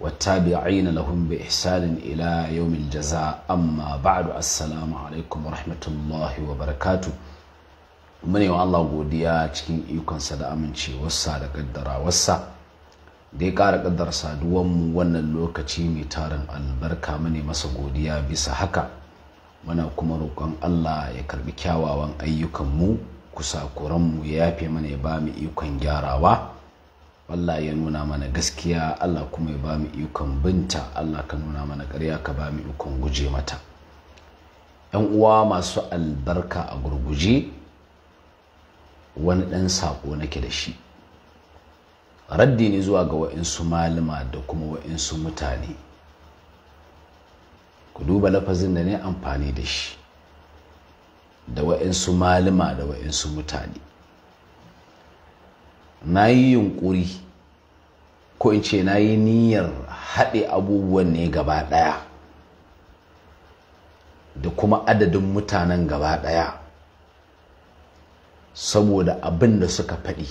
والتابعين لهم بإحسان إلى يوم الجزاء أما بعد السلام عليكم ورحمة الله وبركاته mune wa Allah godiya cikin ikonsa da amincewarsa da kaddarawarsa da ya ƙara kaddar saduwanmu wannan lokaci mai tarin albarka mune masa godiya bisa haka muna kuma roƙon Allah ya karɓi kyawawan ayyukanmu kusa kuranmu ya yafe mana ya ba mu ikon gyarawa Allah ya nuna mana gaskiya Allah kuma ya ba mu ikon binta Allah ka nuna mana ƙarya ka ba mu ikon guje mata ‘yan uwa masu albarka a gurguje wani ɗan saƙo nake da shi raddi ne zuwa ga wa'insu malama da kuma wa'insu mutane ku duba lafazin da ne amfani da shi da wa'insu malama da wa'insu mutane na yi yunƙuri ko in ce na yi niyyar haɗe abubuwan ne gaba ɗaya da kuma adadin mutanen gaba ɗaya saboda abin da suka faɗi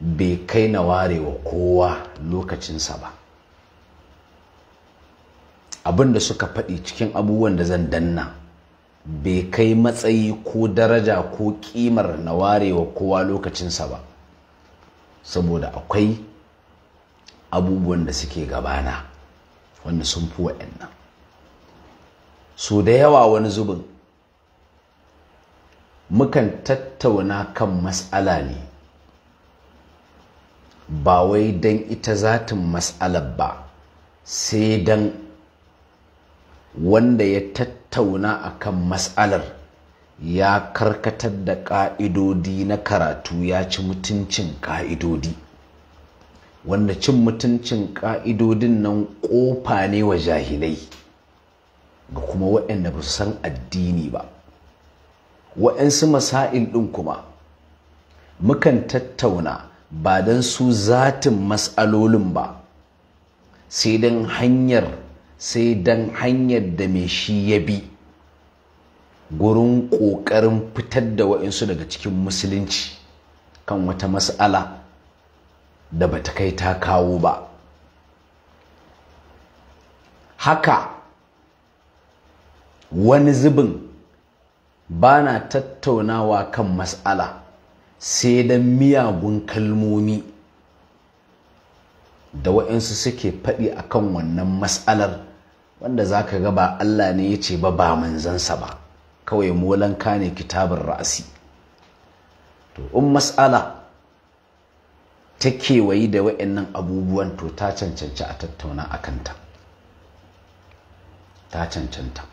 bai kai na warewa kowa lokacinsa ba abin da suka faɗi cikin abubuwan da zan danna bai kai matsayi ko daraja ko ƙimar na warewa kowa lokacinsa ba saboda akwai abubuwan da suke gabana wanda sun fi wa'annan so da yawa wani zubin mukan tattauna kan matsala ne ba wai don ita zatin matsalar ba sai don wanda ya tattauna a kan matsalar ya karkatar da ƙa'idodi na karatu ya ci mutuncin ƙa'idodi wanda cin mutuncin ƙa'idodin nan ƙofa ne wa jahilai ga kuma waɗanda ba su san addini ba waɗansu masa'il ɗin kuma mukan tattauna ba don su zatin matsalolin ba sai don hanyar sai don hanyar da mai shi ya bi gurin ƙoƙarin fitar da waɗansu daga cikin musulunci kan wata mas'ala da bata kai ta kawo ba haka wani zubin ba na tattaunawa kan mas'ala sai don miyagun kalmomi da waɗansu suke faɗi kan wannan mas'alar wanda za ka ga ba Allah ne ya ce ba ba manzansa ba kawai molanka ne kitabin ra'asi to in mas'ala ta kewayi da wa'annan abubuwan to ta cancanci a tattauna a kanta ta cancanta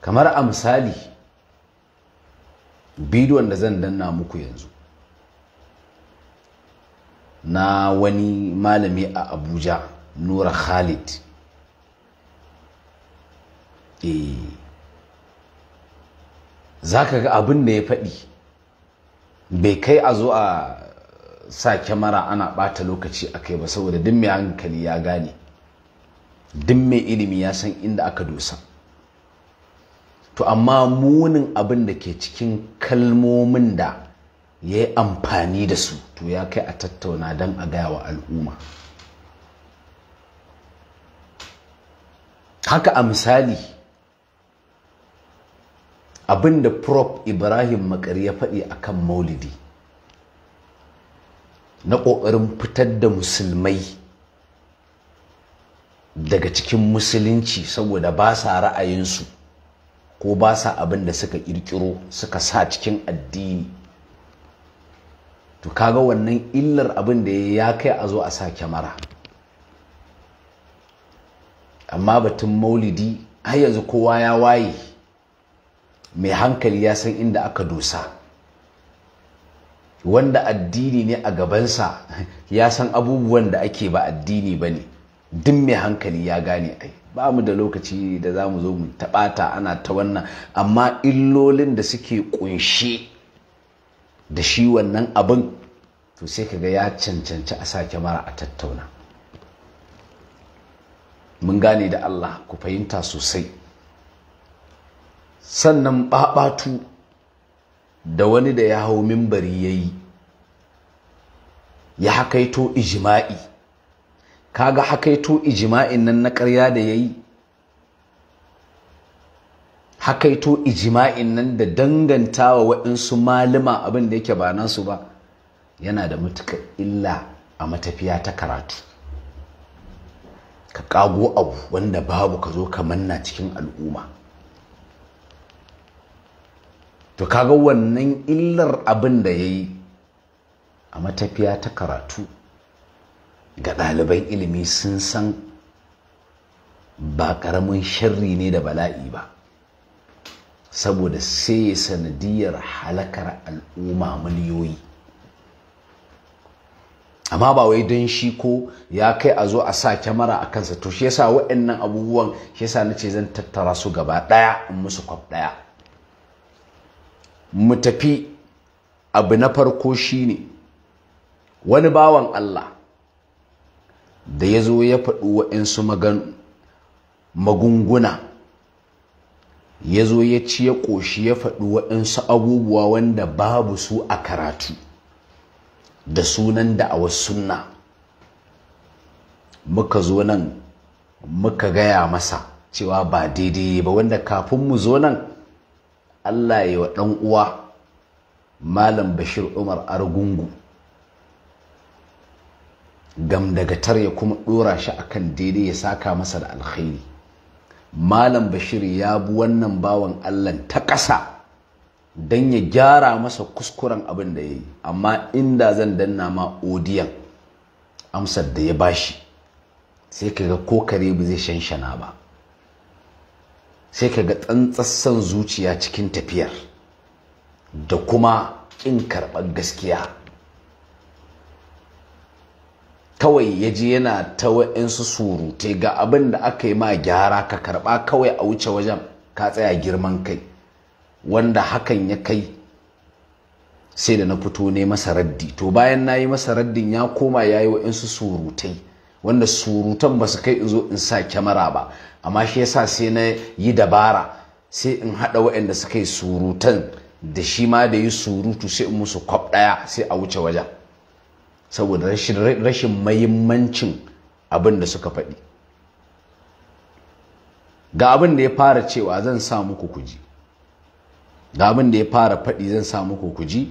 kamar a misali bidiyon da zan danna muku yanzu na wani malami a abuja nura khalid e, za ka ga abin da ya faɗi bai kai a zo a sa kyamara ana ɓata lokaci a kai ba saboda duk mai hankali ya gane duk mai ilimi ya san inda aka dosa to amma munin abin da ke cikin kalmomin da ya yi amfani da su to ya kai a tattauna don a gaya wa al'umma haka a misali abinda prof ibrahim makari ya faɗi akan maulidi na ƙoƙarin fitar da musulmai daga cikin musulunci saboda ba sa ra'ayinsu ko ba sa abin da suka ƙirƙiro suka sa cikin addini to kaga wannan illar abin da ya kai a zo a sa kyamara amma batun maulidi har yanzu kowa ya waye mai hankali ya san inda aka dosa wanda addini ne a gabansa ya san abubuwan da ake ba addini ba ne duk mai hankali ya gane ai ba mu da lokaci da za mu zo mu taɓata ana ta wannan amma illolin da suke ƙunshe da shi wannan abin to sai kaga ya cancanci a sake mara a tattauna mun gane da Allah ku fahimta sosai sannan ɓaɓatu da wani da ya hau mimbari ya yi ya hakaito ijima'i kaga hakaito ijima'in nan na ƙarya da ya yi hakaito ijima'in nan da wa waɗansu malama abin da yake ba nasu ba yana da matuƙar illa a matafiya ta karatu ka ƙago abu wanda babu ka zo ka manna cikin al'umma to kaga wannan illar abin da ya yi a matafiya ta karatu ga ɗaliban ilimi sun san ba ƙaramin shirri ne da bala'i ba saboda sai ya sanadiyar halakar al'umma miliyoyi amma ba wai don shi ko ya kai a zo a sa kyamara a kansa to shi yasa waɗannan abubuwan shi yasa na ce zan tattara su gaba ɗaya in musu kwab ɗaya mu tafi abu na farko shine wani bawan Allah da ya zo ya faɗi wa'insu magunguna ya zo ya ci ya ƙoshi ya faɗi waɗansu abubuwa wanda babu su a karatu da sunan da da'awar sunna muka zo nan muka gaya masa cewa ba daidai ba wanda kafin mu zo nan Allah ya yi wa ɗan uwa Malam Bashir Umar Argungu gam daga tar ya kuma ɗora shi a kan daidai ya saka masa da alkhairi Malam Bashir ya bi wannan bawan Allah ta ƙasa don ya gyara masa kuskuren abin da ya yi amma inda zan danna ma odiyan amsar da ya bashi sai ka ga ko kare ba zai shanshana ba sai ka ga tsantsassan zuciya cikin tafiyar da kuma ƙin karɓar gaskiya kawai ya ji yana ta wa'insu surutai ga abin da aka yi ma gyara ka karɓa kawai a wuce wajen ka tsaya girman kai wanda hakan ya kai sai da na fito ne masa raddi to bayan na yi masa raddin ya koma ya yi wa'insu surutai wanda surutan ba su kai in zo in sa kyamara ba amma shi yasa sai na yi dabara sai in haɗa waɗanda suka yi surutan da shi ma da yi surutu sai in musu kwab ɗaya sai a wuce wajen saboda rashin mahimmancin abin da suka faɗi ga abin da ya fara cewa zan sa muku kuji ga abin da ya fara faɗi zan sa muku kuji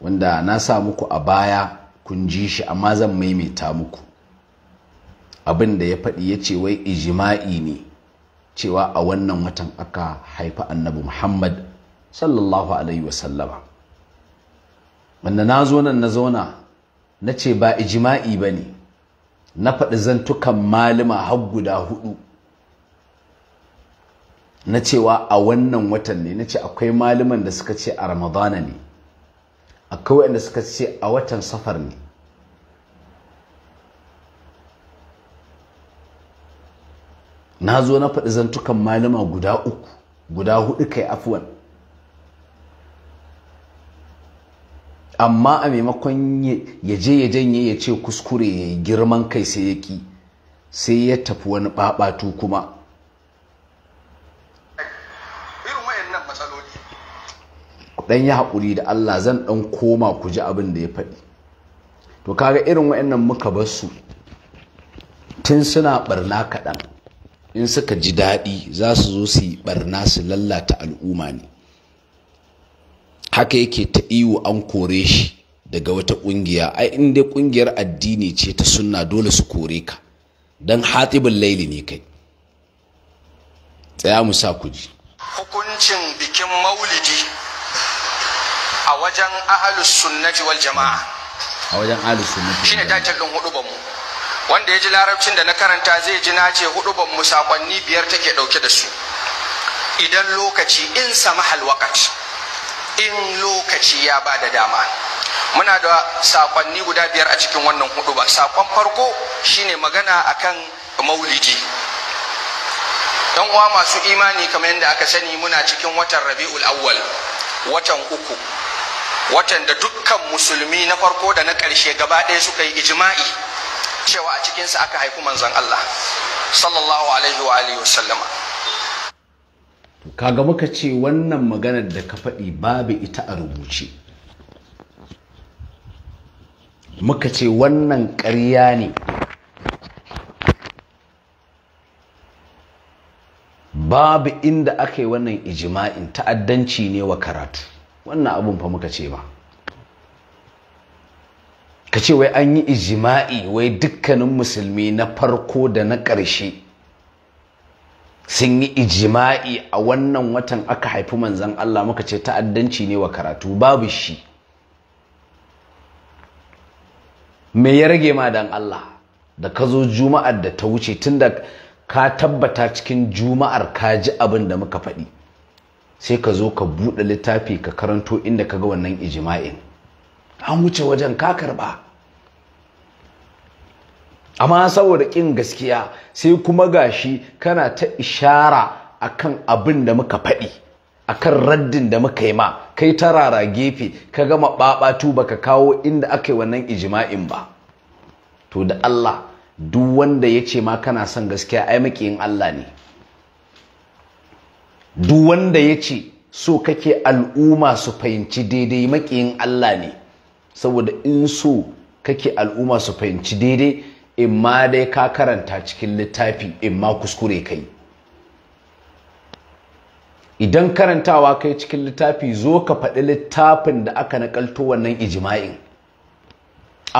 wanda na sa muku a baya kun ji shi amma zan maimaita muku abin da ya faɗi ya ce wai ijima'i ne cewa a wannan watan aka haifi annabi muhammad sallallahu alaihi wasallama wanda na zo nan na zauna na ce ba ijima'i ba ne na faɗi zantukan malima har guda hudu na cewa a wannan watan ne na ce akwai maliman da suka ce a ramadana ne akwai wanda suka ce a watan safar ne na zo na faɗi zantukan malama guda uku guda hudu kai afuwan amma a maimakon ya je ya janye ya ce kuskure ya yi girman kai sai ya ki sai ya tafi wani babatu kuma dan ya haƙuri da Allah zan ɗan koma ku ji abin da ya faɗi to kaga irin wa'annan muka bar su tun suna ɓarna kaɗan in suka ji daɗi za su zo su yi barna su lallata al'umma ne haka yake ta iwo an kore shi daga wata ƙungiya ai in dai ƙungiyar addini ce ta sunna dole su kore ka don hatsibin laili ne kai tsaya mu sa ku ji hukuncin bikin maulidi a wajen ahalus sunnati wal jama'a a wajen ahalus sunnati shine hudu ba mu wanda ya ji larabcin da na karanta zai ji na ce hudu ban musakonni biyar take dauke da su idan lokaci in sama halwakat in lokaci ya ba da dama muna da sakonni guda biyar a cikin wannan hudu ba sakon farko shine magana akan maulidi yan uwa masu imani kamar yadda aka sani muna cikin watan rabi'ul awwal watan uku watan da dukkan musulmi na farko da na ƙarshe gaba ɗaya suka yi ijma'i cewa a cikinsa aka haifi manzon Allah sallallahu alaihi wa alihi wasallama kaga muka ce wannan maganar da ka faɗi babu ita a rubuce muka ce wannan ƙarya ne babu inda aka yi wannan ijima'in ta'addanci ne wa karatu wannan abun fa muka ce ba ka ce wai an yi ijima'i wai dukkanin musulmi na farko da na ƙarshe sun yi ijima'i a wannan watan aka haifi manzan Allah muka ce ta'addanci ne wa karatu babu shi me ya rage ma dan Allah da ka zo juma'ar da ta wuce tun da ka tabbata cikin juma'ar ka ji abin da muka faɗi sai ka zo ka buɗe littafi ka karanto inda ka ga wannan ijima'in an wuce wajen ka karɓa amma saboda kin gaskiya sai kuma gashi kana ta ishara akan abin da muka faɗi akan raddin da muka yi ma kai ta rara gefe ka gama ɓaɓatu baka kawo inda aka yi wannan ijima'in ba to da Allah duk wanda ya ce ma kana son gaskiya ai yin Allah ne duk wanda ya ce so kake al'umma su fahimci daidai maƙiyin Allah ne saboda in so kake al'umma su fahimci daidai in ma dai ka karanta cikin littafi in ma kuskure kai idan karantawa kai cikin littafi zo ka faɗi littafin da aka nakalto wannan ijima'in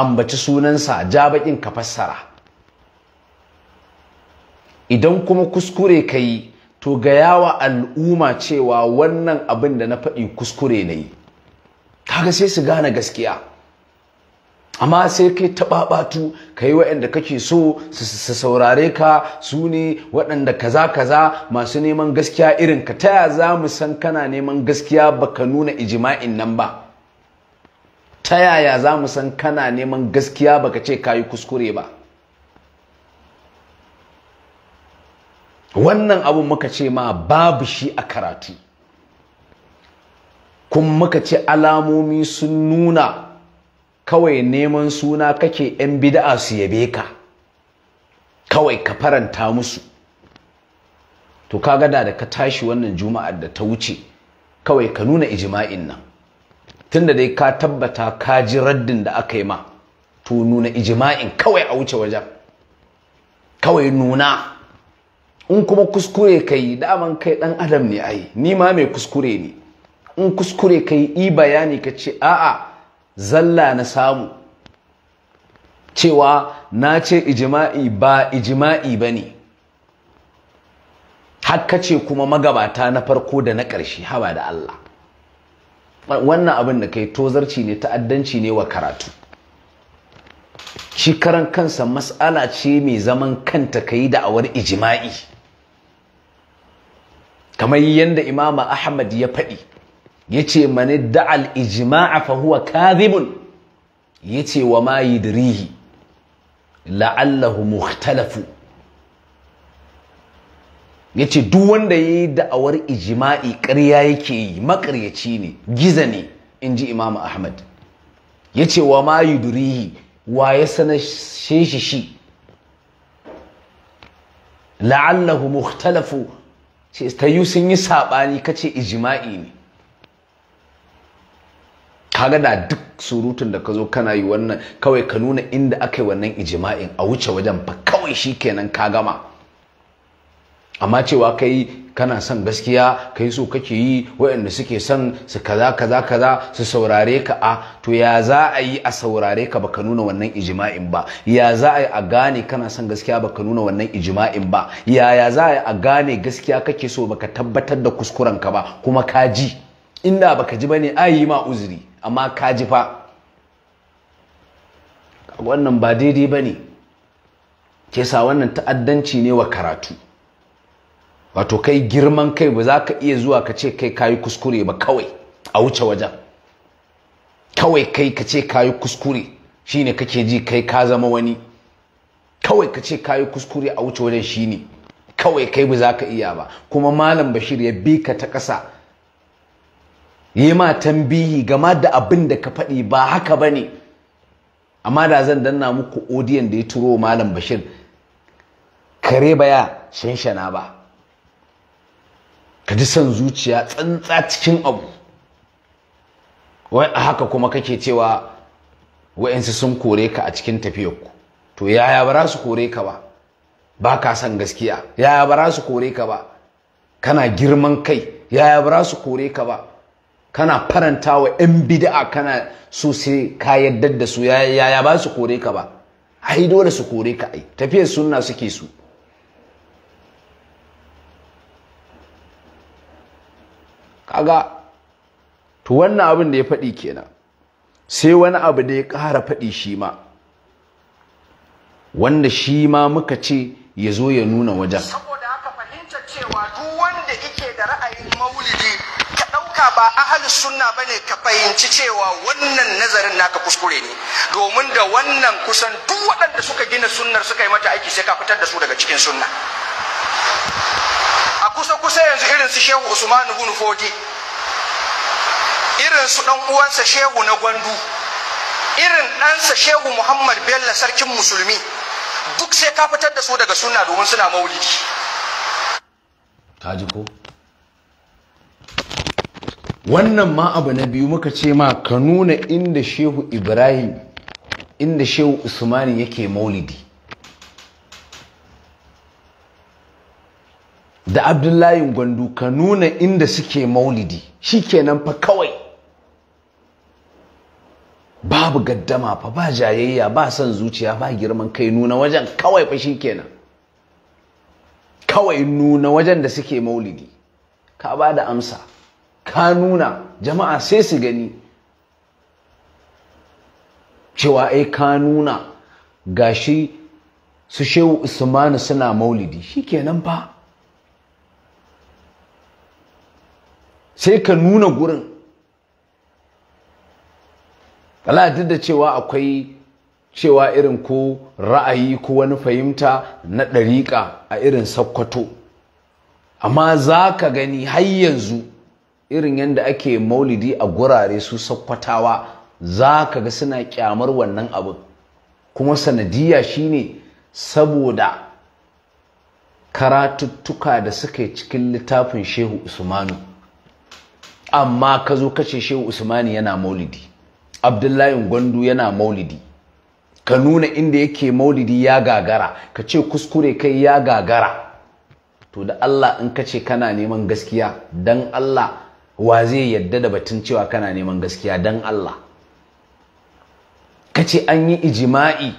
ambaci sunansa ja baƙin ka fassara idan kuma kuskure ka yi to ga yawa al'umma cewa wannan abin da na faɗi kuskure na yi kaga sai su gane gaskiya amma sai kai taɓaɓatu ka yi waɗanda kake so su saurare ka su ne waɗanda kaza kaza masu neman gaskiya irin ka ya za mu san kana neman gaskiya baka nuna ijima'in nan ba ta yaya za mu san kana neman gaskiya baka ce ka yi kuskure ba wannan abun muka ce ma babu shi a karatu kuma muka ce alamomi sun nuna kawai neman suna kake yan bida'a su yabe ka kawai ka faranta musu to kaga da da ka tashi wannan juma'ar da ta wuce kawai ka nuna ijima'in nan tunda dai ka tabbata ka ji raddin da aka yi ma to nuna ijima'in kawai a wuce wajen kawai nuna in kuma kuskure ka yi, daman kai dan adam ne a yi, ni ma mai kuskure ne in kuskure ka i bayani ka ce a'a zalla na samu cewa na ce ijima'i ba ijima'i ba ne hakka ce kuma magabata na farko da na ƙarshe haba da Allah wannan abin da kai tozarci ne ta'addanci ne wa karatu shi kansa mas'ala ce mai zaman kanta ka yi da'awar ijima'i kamar yadda imama ahmad ya faɗi yace mani da'al ijma'a fa huwa kadhibun yace wa ma yidrihi la'allahu mukhtalafu yace duk wanda yayi da'awar ijima'i ƙarya yake yi maƙaryaci ne giza ne inji Imam Ahmad yace wa ma yidrihi wa ya sanar shi shi la'allahu mukhtalafu ta yi sun yi saɓani kace ijima'i ne kaga da duk surutun da ka zo kana yi wannan kawai ka nuna inda aka yi wannan ijima'in a wuce wajen fa kawai shi kenan ka gama amma cewa ka yi kana son gaskiya ka yi so kake yi waɗanda suke son su kaza kaza kaza su saurare ka a to ya za a yi a saurare ka baka nuna wannan ijima'in ba ya za a yi a gane kana son gaskiya baka nuna wannan ijima'in ba ya ya za a yi a gane gaskiya kake so baka tabbatar da kuskuren ka ba kuma ka ji inda baka ji bane a yi ma uzuri amma ka ji fa wannan ba daidai ba ne ke sa wannan ta'addanci ne wa karatu wato kai girman kai ba za ka iya zuwa ka ce kai kayi kuskure ba kawai a wuce wajen kawai kai ka ce kayi kuskure shine kake ji kai ka zama wani kawai ka ce kayi kuskure a wuce wajen shine kawai kai ba za ka iya ba kuma malam bashir ya bi ka ta ƙasa yi ma tambihi game da abin da ka faɗi ba haka ba ne amma da zan danna muku odiyan da ya turo malam bashir kare baya shanshana ba ka ji son zuciya tsantsa cikin abu wai a haka kuma kake cewa wa'yansu sun kore ka a cikin tafiyarku to yaya ba su kore ka ba ba ka son gaskiya yaya ba su kore ka ba kana girman kai yaya ba su kore ka ba kana faranta wa 'yan bida'a kana so sai ka yadda da su yaya ba su kore ka ba ai dole su kore ka ai tafiyar sunna suke su kaga to wannan abin da ya faɗi kenan sai wani abu da ya ƙara faɗi shi ma wanda shi ma muka ce ya zo ya nuna wajen saboda ɗauka ba ahal sunna bane ka fahimci cewa wannan nazarin naka kuskure ne domin da wannan kusan duk waɗanda suka gina sunnar suka yi mata aiki sai ka fitar da su daga cikin sunna a kusa kusa yanzu irin su shehu usman ibn fodi irin su dan uwansa shehu na gwandu irin ɗansa shehu muhammad bello sarkin musulmi duk sai ka fitar da su daga sunna domin suna maulidi ka ji ko wannan ma abu na biyu muka ce ma ka nuna inda shehu ibrahim inda shehu usmani yake maulidi da abdullahi gwandu ka nuna inda suke maulidi shikenan fa kawai babu gaddama fa ba jayayya ba son zuciya ba girman kai nuna wajen kawai fa shikenan kawai nuna wajen da suke maulidi ka ba da amsa ka nuna jama'a sai su gani cewa ai ka nuna gashi su shehu usmanu suna maulidi shikenan fa sai ka nuna gurin duk da cewa akwai cewa irin ko ra'ayi ko wani fahimta na ɗariƙa a irin sakkwato amma za ka gani har yanzu irin yadda ake maulidi a gurare su sakkwatawa za ka ga suna kyamar wannan abin kuma sanadiyya shine saboda karatuttuka da suka cikin littafin shehu usmanu amma ka zo kace shehu usmanu yana maulidi abdullahi gwandu yana maulidi ka nuna inda yake maulidi ya gagara ka ce kuskure kai ya gagara to da allah in kace kana neman gaskiya don allah wa zai yadda da batun cewa kana neman gaskiya don Allah kace an yi ijima'i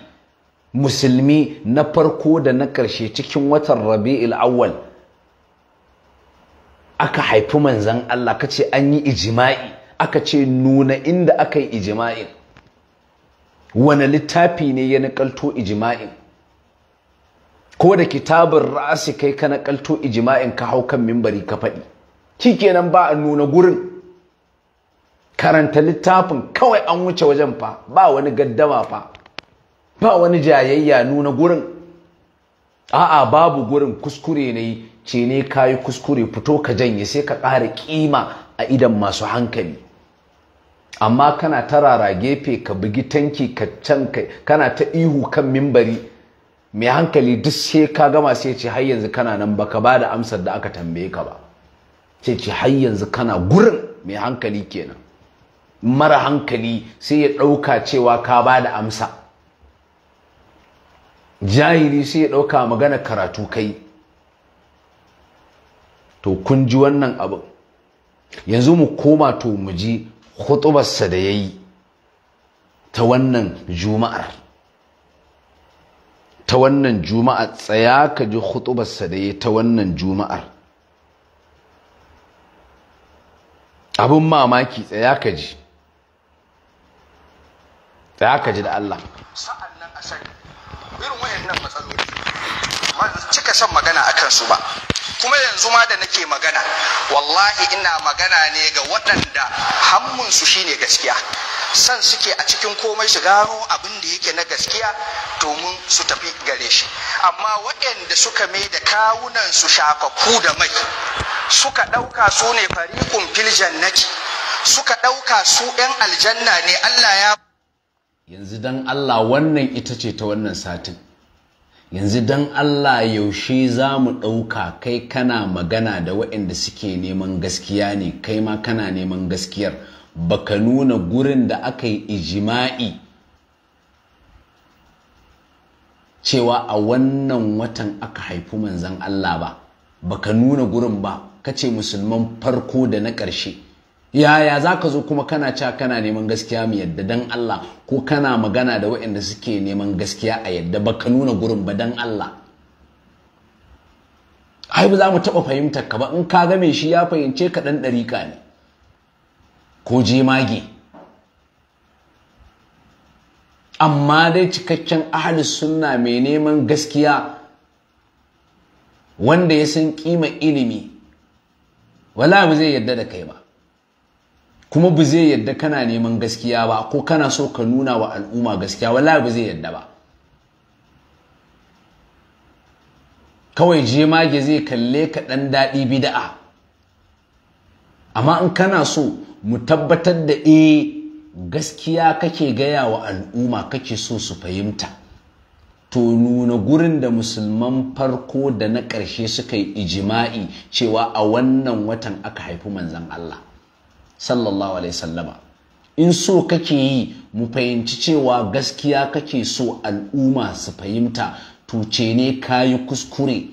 musulmi na farko da na ƙarshe cikin watan rabi'il awwal aka haifi manzan Allah kace an yi ijima'i aka ce nuna inda aka yi ijima'i. wani littafi ne ya nakalto ijima'in ko da kitabun ra'asi kai ka nakalto ijima'in ka hau kan mimbari ka faɗi kenan ba a nuna gurin karanta littafin kawai an wuce wajen fa ba wani gaddama fa ba wani jayayya nuna gurin a'a babu gurin kuskure ne ce ne kayi kuskure fito ka janye sai ka ƙara ƙima a idan masu hankali amma kana tarara gefe ka bugi tanki ka can kana ta ihu kan mimbari mai hankali duk sai ka gama sai ce har yanzu kana nan baka ba da amsar da aka tambaye ka ba sai ce har yanzu kana gurin mai hankali kenan mara hankali sai ya ɗauka cewa ka ba da amsa jahili sai ya ɗauka magana karatu kai to kun ji wannan abin yanzu mu koma to mu ji hutubarsa da ya yi ta wannan juma'ar ta wannan juma'ar tsaya ka ji hutubarsa da ya yi ta wannan juma'ar abin mamaki tsaya ka ji tsaya ka ji da Allah sa'an nan a sani irin wayannan matsaloli ba cika son magana a kansu ba kuma yanzu ma da nake magana wallahi ina magana ne ga waɗanda hammunsu shine gaskiya san suke a cikin komai su gano abin da yake na gaskiya domin su tafi gare shi amma waɗanda suka mai da kawunan su shafaku da mai suka ɗauka su ne fariƙun fil suka ɗauka su ‘yan aljanna ne Allah ya yanzu don Allah wannan ita ce ta wannan satin yanzu don Allah yaushe za mu ɗauka kai kana magana da waɗanda suke neman gaskiya ne kai ma kana neman gaskiyar baka nuna gurin da aka yi ijima'i cewa a wannan watan aka haifi manzan Allah ba baka nuna gurin ba kace musulman farko da na ƙarshe yaya za ka zo kuma kana ca kana neman gaskiya mu yadda dan Allah ko kana magana da waɗanda suke neman gaskiya a yadda ba ka nuna gurin ba dan Allah ai ba za mu taɓa fahimtar ka ba in ka game shi ya fahimce ka ɗan ɗarika ne ko jemage amma dai cikakken ahalis sunna mai neman gaskiya wanda ya san kima ilimi wala ba zai yadda da kai ba kuma ba zai yadda kana neman gaskiya ba ko kana so ka nuna wa al'umma gaskiya wala ba zai yadda ba kawai jemage zai kalle ka ɗan daɗi bida'a amma in kana so mu tabbatar da e gaskiya kake gaya wa al'umma kake so su fahimta to nuna gurin da musulman farko da na ƙarshe suka yi ijima'i cewa a wannan watan aka haifi manzan Allah sallallahu alaihi sallama in so kake yi mu fahimci cewa gaskiya kake so al'umma su fahimta to ce ne kayi kuskure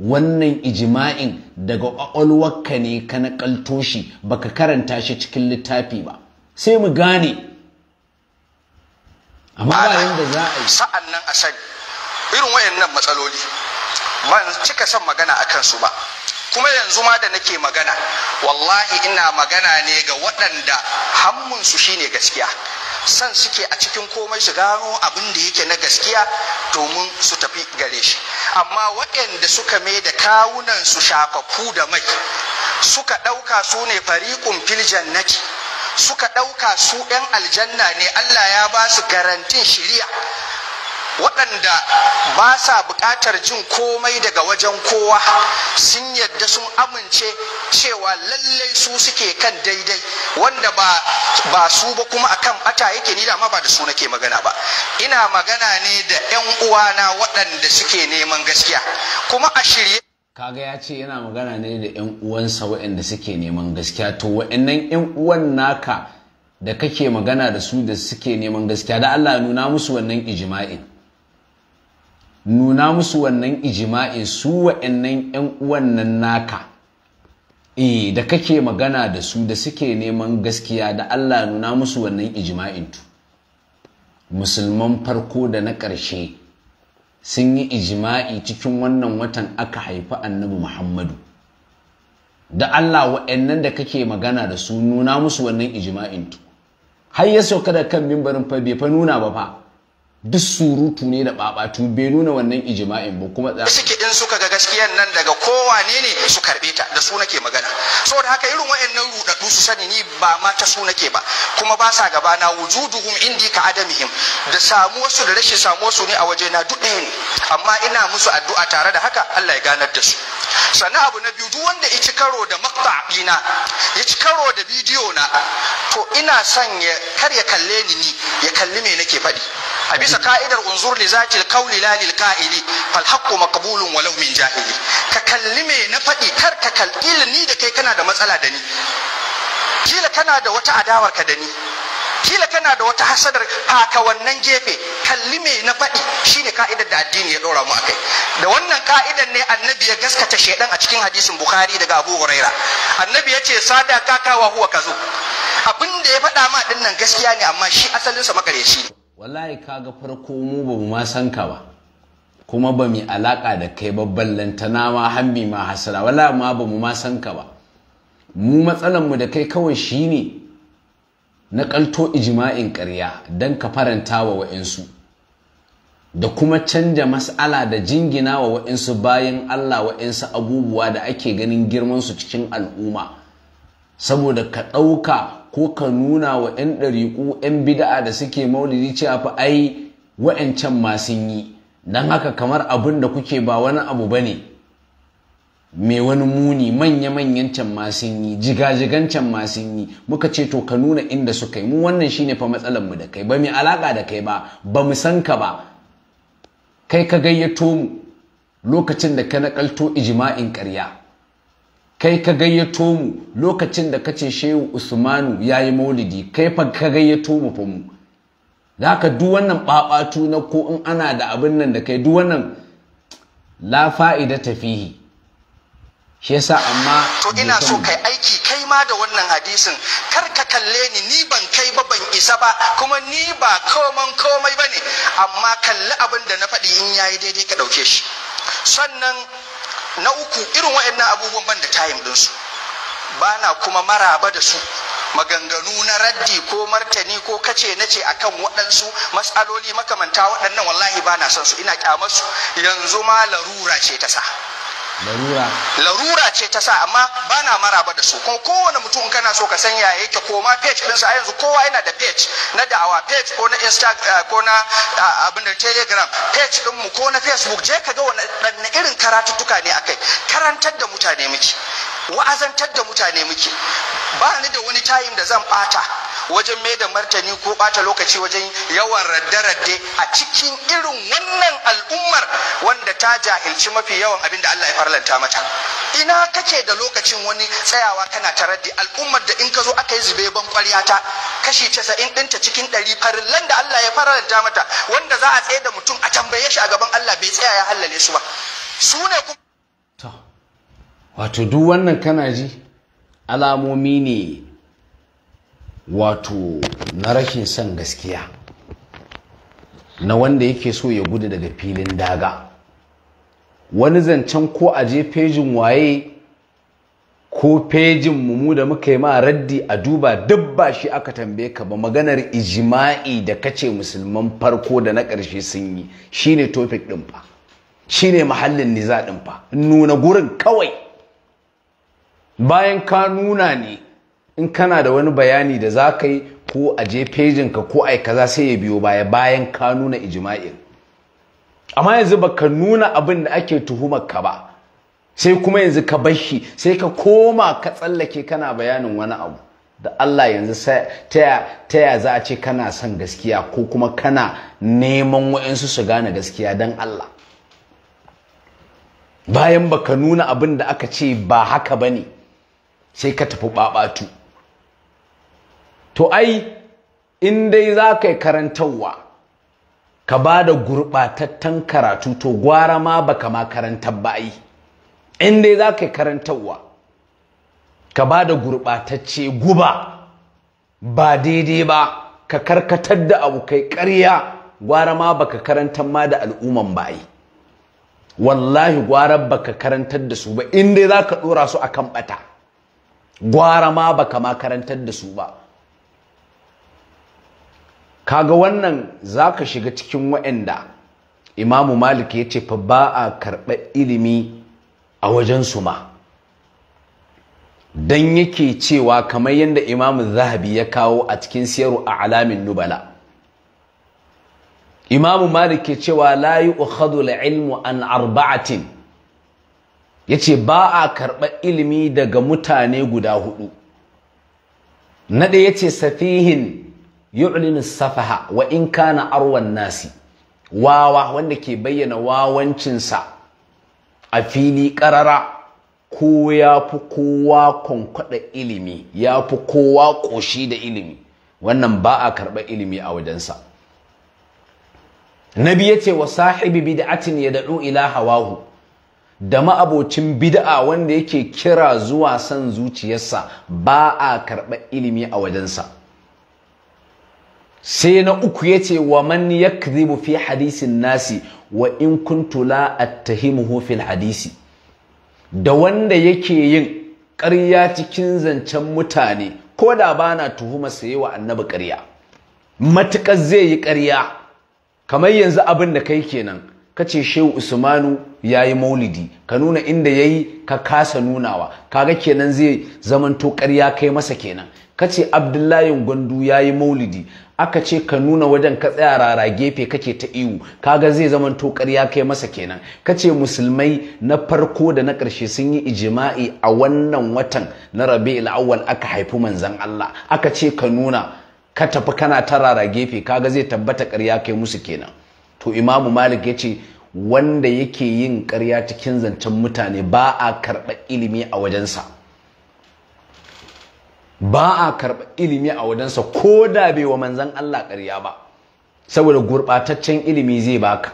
wannan ijima'in daga ƙwaƙwalwarka ne ka naƙalto shi baka karanta shi cikin littafi ba sai mu gane amma ba yadda za a yi sa'an nan a sani irin wayannan matsaloli ban cika son magana akan su ba kuma yanzu ma da nake magana wallahi ina magana ne ga waɗanda hammunsu shine gaskiya san suke a cikin komai su gano abin da yake na gaskiya domin su tafi gare shi amma waɗanda suka mai da kawunan su shafafu da mai suka ɗauka su ne fariƙun filjan naki suka ɗauka su ɗan aljanna ne Allah ya ba su garantin shiriya waɗanda ba sa buƙatar jin komai daga wajen kowa sun yadda sun amince cewa lallai su suke kan daidai wanda ba su ba kuma akan bata yake ni dama ba da su nake magana ba ina magana ne da 'yan uwana waɗanda suke neman gaskiya kuma a shirye kaga ya ce yana magana ne da 'yan uwansa waɗanda suke neman gaskiya to waɗannan 'yan uwan naka da kake magana da su da suke neman gaskiya da Allah nuna musu wannan ijima'in nuna musu wannan ijima'in su wa'annan 'yan uwan nan naka eh da kake magana da su da suke neman gaskiya da Allah nuna musu wannan ijima'in tu musulman farko da na ƙarshe sun yi ijima'i cikin wannan watan aka haifi annabi Muhammadu da Allah wa'annan da kake magana da su nuna musu wannan ijima'in tu har ya sauka da kan mimbarin fa bai fa nuna ba fa duk surutu ne da babatu bai nuna wannan ijima'in ba kuma da suke in suka ga gaskiyar nan daga kowane ne su karbe ta da su nake magana saboda haka irin wayannan rudaddu su sani ni ba ma ta su nake ba kuma ba sa gaba na wujuduhum indi ka adamihim da samu wasu da rashin samu wasu ne a waje na duk ɗaya ne amma ina musu addu'a tare da haka Allah ya ganar da su sannan abu na biyu duk wanda ya ci karo da makta ɗina ya ci karo da bidiyo na to ina son ya kar ya kalle ni ni ya kalli me nake faɗi bisa ka'idar unzur li zatil qawli la lil qa'ili fal haqqu maqbulun walau min jahili ka kalli me na faɗi kar ka kalli ni da kai kana da matsala da ni kila kana da wata adawar ka da ni kila kana da wata hasadar haka wannan gefe kalli me na faɗi shine ka'idar da addini ya dora mu akai da wannan ka'idar ne annabi ya gaskata shedan a cikin hadisin bukhari daga abu huraira annabi ya ce sada kakawa huwa kazo abin da ya faɗa ma ɗin gaskiya ne amma shi asalinsa makaryaci ne wallahi kaga farko mu ba mu ma san ka ba kuma ba mu alaka da kai ba ballantana ma hammi ma hasara, wala ma ba mu ma san ka ba mu matsalan mu da kai kawai shine na kalto ijma'in ƙarya dan ka faranta wa wa'insu da kuma canja mas'ala da jingina wa wa'insu bayan Allah wa'insu abubuwa da ake ganin girman su cikin al'umma saboda ka ɗauka ko ka nuna wa 'yan ɗariƙu 'yan bida'a da suke maulidi cewa fa ai wa'ancan ma yi don haka kamar abin da kuke ba wani abu ba ne mai wani muni manya-manyan can ma yi jiga-jigan can ma yi muka ce to ka nuna inda su kai mu wannan shine fa matsalar mu da kai ba mai alaka da kai ba ba mu san ka ba kai ka gayyato mu lokacin da ka nakalto ijima'in ƙarya kai ka gayyato mu lokacin da kace shehu usmanu ya yi maulidi kai fa ka gayyato mu fa mu da haka duk wannan babatu na ko in ana da abin nan da kai duk wannan la fa'ida tafihi shi yasa amma to ina so kai aiki kai ma da wannan hadisin kar ka kalle ni ni ban kai ba ban isa ba kuma ni ba koman komai bane amma kalli abin da na faɗi in yayi daidai ka ɗauke shi sannan na uku irin wa'annan abubuwan ban da tayin ɗinsu ba na kuma maraba da su maganganu na raddi ko martani ko kace na ce akan waɗansu matsaloli makamanta waɗannan wallahi ba na son su ina kyamarsu yanzu ma larura ce ta sa larura larura ce ta sa amma ba na maraba da su kuma kowane mutum kana so ka san ya yake koma ma page ɗinsa a yanzu kowa yana da page na da'awa page ko na instagram eh, ko na abin da telegram page ɗin mu ko na facebook je ka ga wani irin karatuttuka ne akai karantar da mutane muke wa'azantar da mutane muke ba ni da wani tayin da zan ɓata wajen mai da martani ko bata lokaci wajen yawan radde-radde a cikin irin wannan al'ummar wanda ta jahilci mafi yawan abin da Allah ya farlanta mata ina kake da lokacin wani tsayawa kana ta raddi al'ummar da in ka zo aka yi zube ban kwarya ta kashi casa'in ɗinta cikin ɗari farillan da Allah ya farlanta mata wanda za a tsaye da mutum a tambaye shi a gaban Allah bai tsaya ya hallale su ba su ne kuma wato duk wannan kana ji alamomi ne wato na rashin son gaskiya na wanda yake so ya gudu daga filin daga wani zancen ko a je fejin waye ko fejin mu da muka yi ma raddi a duba duk ba shi aka tambaye ka ba maganar ijima'i da kace musulman farko da na ƙarshe sun yi shine topic ɗin fa shine mahallin niza ɗin fa nuna gurin kawai bayan ka nuna ne in kana da wani bayani da za ka yi ko a je pejinka ko ai kaza sai ya biyo baya bayan ka nuna ijima'in amma yanzu ba ka nuna abin da ake tuhumar ka ba sai kuma yanzu ka bashi sai ka koma ka tsallake kana bayanin wani abu da Allah yanzu ta ya za a ce kana son gaskiya ko kuma kana neman wa'insu su gane gaskiya don Allah bayan ba ka nuna abin da aka ce ba haka ba ne sai ka tafi babatu to ai in dai za ka yi karantarwa ka ba da gurɓatattan karatu to gwara ma ba ka ma karantar ba ai in dai za ka yi karantarwa ka ba da gurɓatacce guba ba daidai ba ka karkatar da abu kai ƙarya gwara ma ba ka karantar ma da al'umman ba ai wallahi gwara ba ka karantar da su ba in dai za ka ɗora su akan ɓata gwara ma ba ka ma karantar da su ba kaga wannan zaka shiga cikin waɗanda imamu malik ya ce fa ba a karɓa ilimi a wajensu ma don yake cewa kamar yadda imamu zahabi ya kawo a cikin siyaru a alamin nubala imamu malik ya cewa la yi ukhadul ilmu an arba'atin ya ce ba a karɓa ilimi daga mutane guda hudu na ɗaya ya ce safihin yu'lin safaha wa in kana arwan nasi wawa wanda ke bayyana wawancinsa a fili karara ko ya fi kowa kwankwada ilimi ya fi kowa ƙoshi da ilimi wannan ba a karɓar ilimi a wajensa nabi ya ce wa sahibi bid'atin ya daɗu ila hawahu da ma'abocin bid'a wanda yake kira zuwa son zuciyarsa ba a karɓar ilimi a wajensa sai na uku ya ce wa man kribu fi hadisin nasi wa in kuntu la attahimuhu fil hadisi da wanda yake yin ƙarya cikin zancen mutane ko da bana tuhuma sai wa annabi ƙarya matuƙar zai yi ƙarya kamar yanzu abin da kai kenan ka ce shehu usmanu ya yi maulidi ka nuna inda ya yi ka kasa nunawa kaga kenan zai zamanto ƙarya kai masa kenan ka ce abdullahi gwandu ya yi maulidi aka ce ka nuna wajen ka tsaya rara gefe kake ta iwu kaga zai zama to ƙarya kai masa kenan ka ce musulmai na farko da na ƙarshe sun yi ijima'i a wannan watan na rabi'ul awwal aka haifi manzon Allah aka ce ka nuna ka tafi kana ta rara gefe kaga zai tabbata ƙarya kai musu kenan to imamu malik ya ce wanda yake yin ƙarya cikin zancen mutane ba a karɓar ilimi a wajensa ba a karɓa ilimi a wajensa ko da bai wa manzan Allah ƙarya ba saboda gurɓataccen ilimi zai baka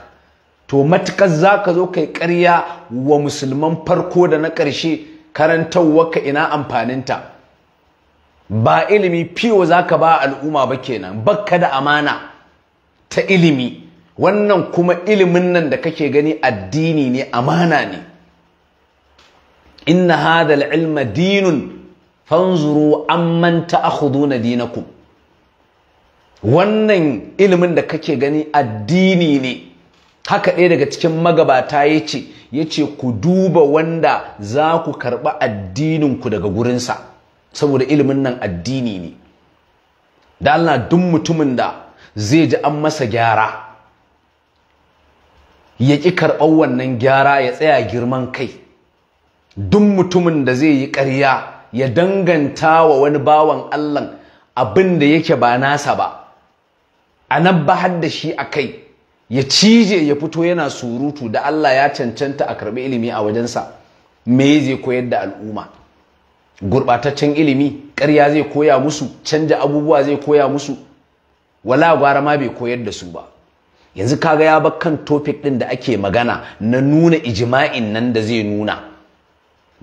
to matukar za ka zo kai ƙarya wa musulman farko da na ƙarshe ka ina amfaninta ba ilimi fiye za ka ba al'umma ba kenan bakka da amana ta ilimi wannan kuma ilimin nan da kake gani addini ne amana ne inna hadha al-ilma dinun fanzuru amman ta'khuduna dinakum wannan ilimin da kake gani addini ne haka ɗaya daga cikin magabata yace ce ku duba wanda za ku karɓa addininku daga gurinsa saboda ilimin nan addini ne da Allah duk mutumin da zai ji an masa gyara ya ƙi karɓar wannan gyara ya tsaya girman kai duk mutumin da zai yi ƙarya ya danganta wa wani bawan Allah abin da yake ba nasa ba a nan har da shi a kai ya cije ya fito yana surutu da Allah ya cancanta a karbi ilimi a wajensa me zai koyar da al'umma Gurbataccen ilimi karya zai koya musu canja abubuwa zai koya musu wala gwara ma bai koyar da su ba yanzu kaga ya bakkan topic din da ake magana na nuna ijima'in nan da zai nuna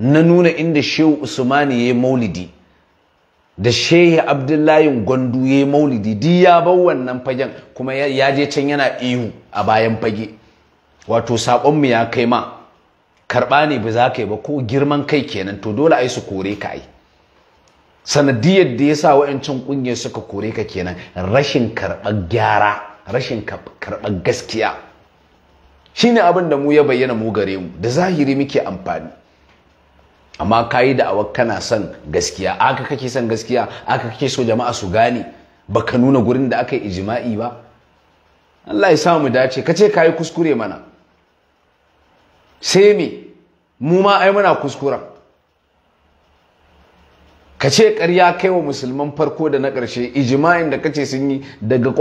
na nuna inda shehu usmani ya yi maulidi da shehu abdullahi gwandu ya yi maulidi Di ya bar wannan fagen kuma ya je can yana ihu a bayan fage wato saƙonmu ya kai ma karɓa ne ba za ka yi ba ko girman kai kenan to dole ai su kore ka ai sanadiyar da ya sa wa'ancin ƙungiyar suka kore ka kenan rashin karɓar gyara rashin karɓar gaskiya Shi ne abin da mu ya bayyana mu gare mu da zahiri muke amfani amma ka yi da'awar kana son gaskiya aka kake son gaskiya aka kake so jama'a su gane ka nuna gurin da aka yi ijima'i ba Allah ya samu dace ka ce ka yi kuskure mana sai me mu ma ai muna kuskura. ka ce ƙarya kai wa musulman farko da na ƙarshe ijima'in da kace sun yi daga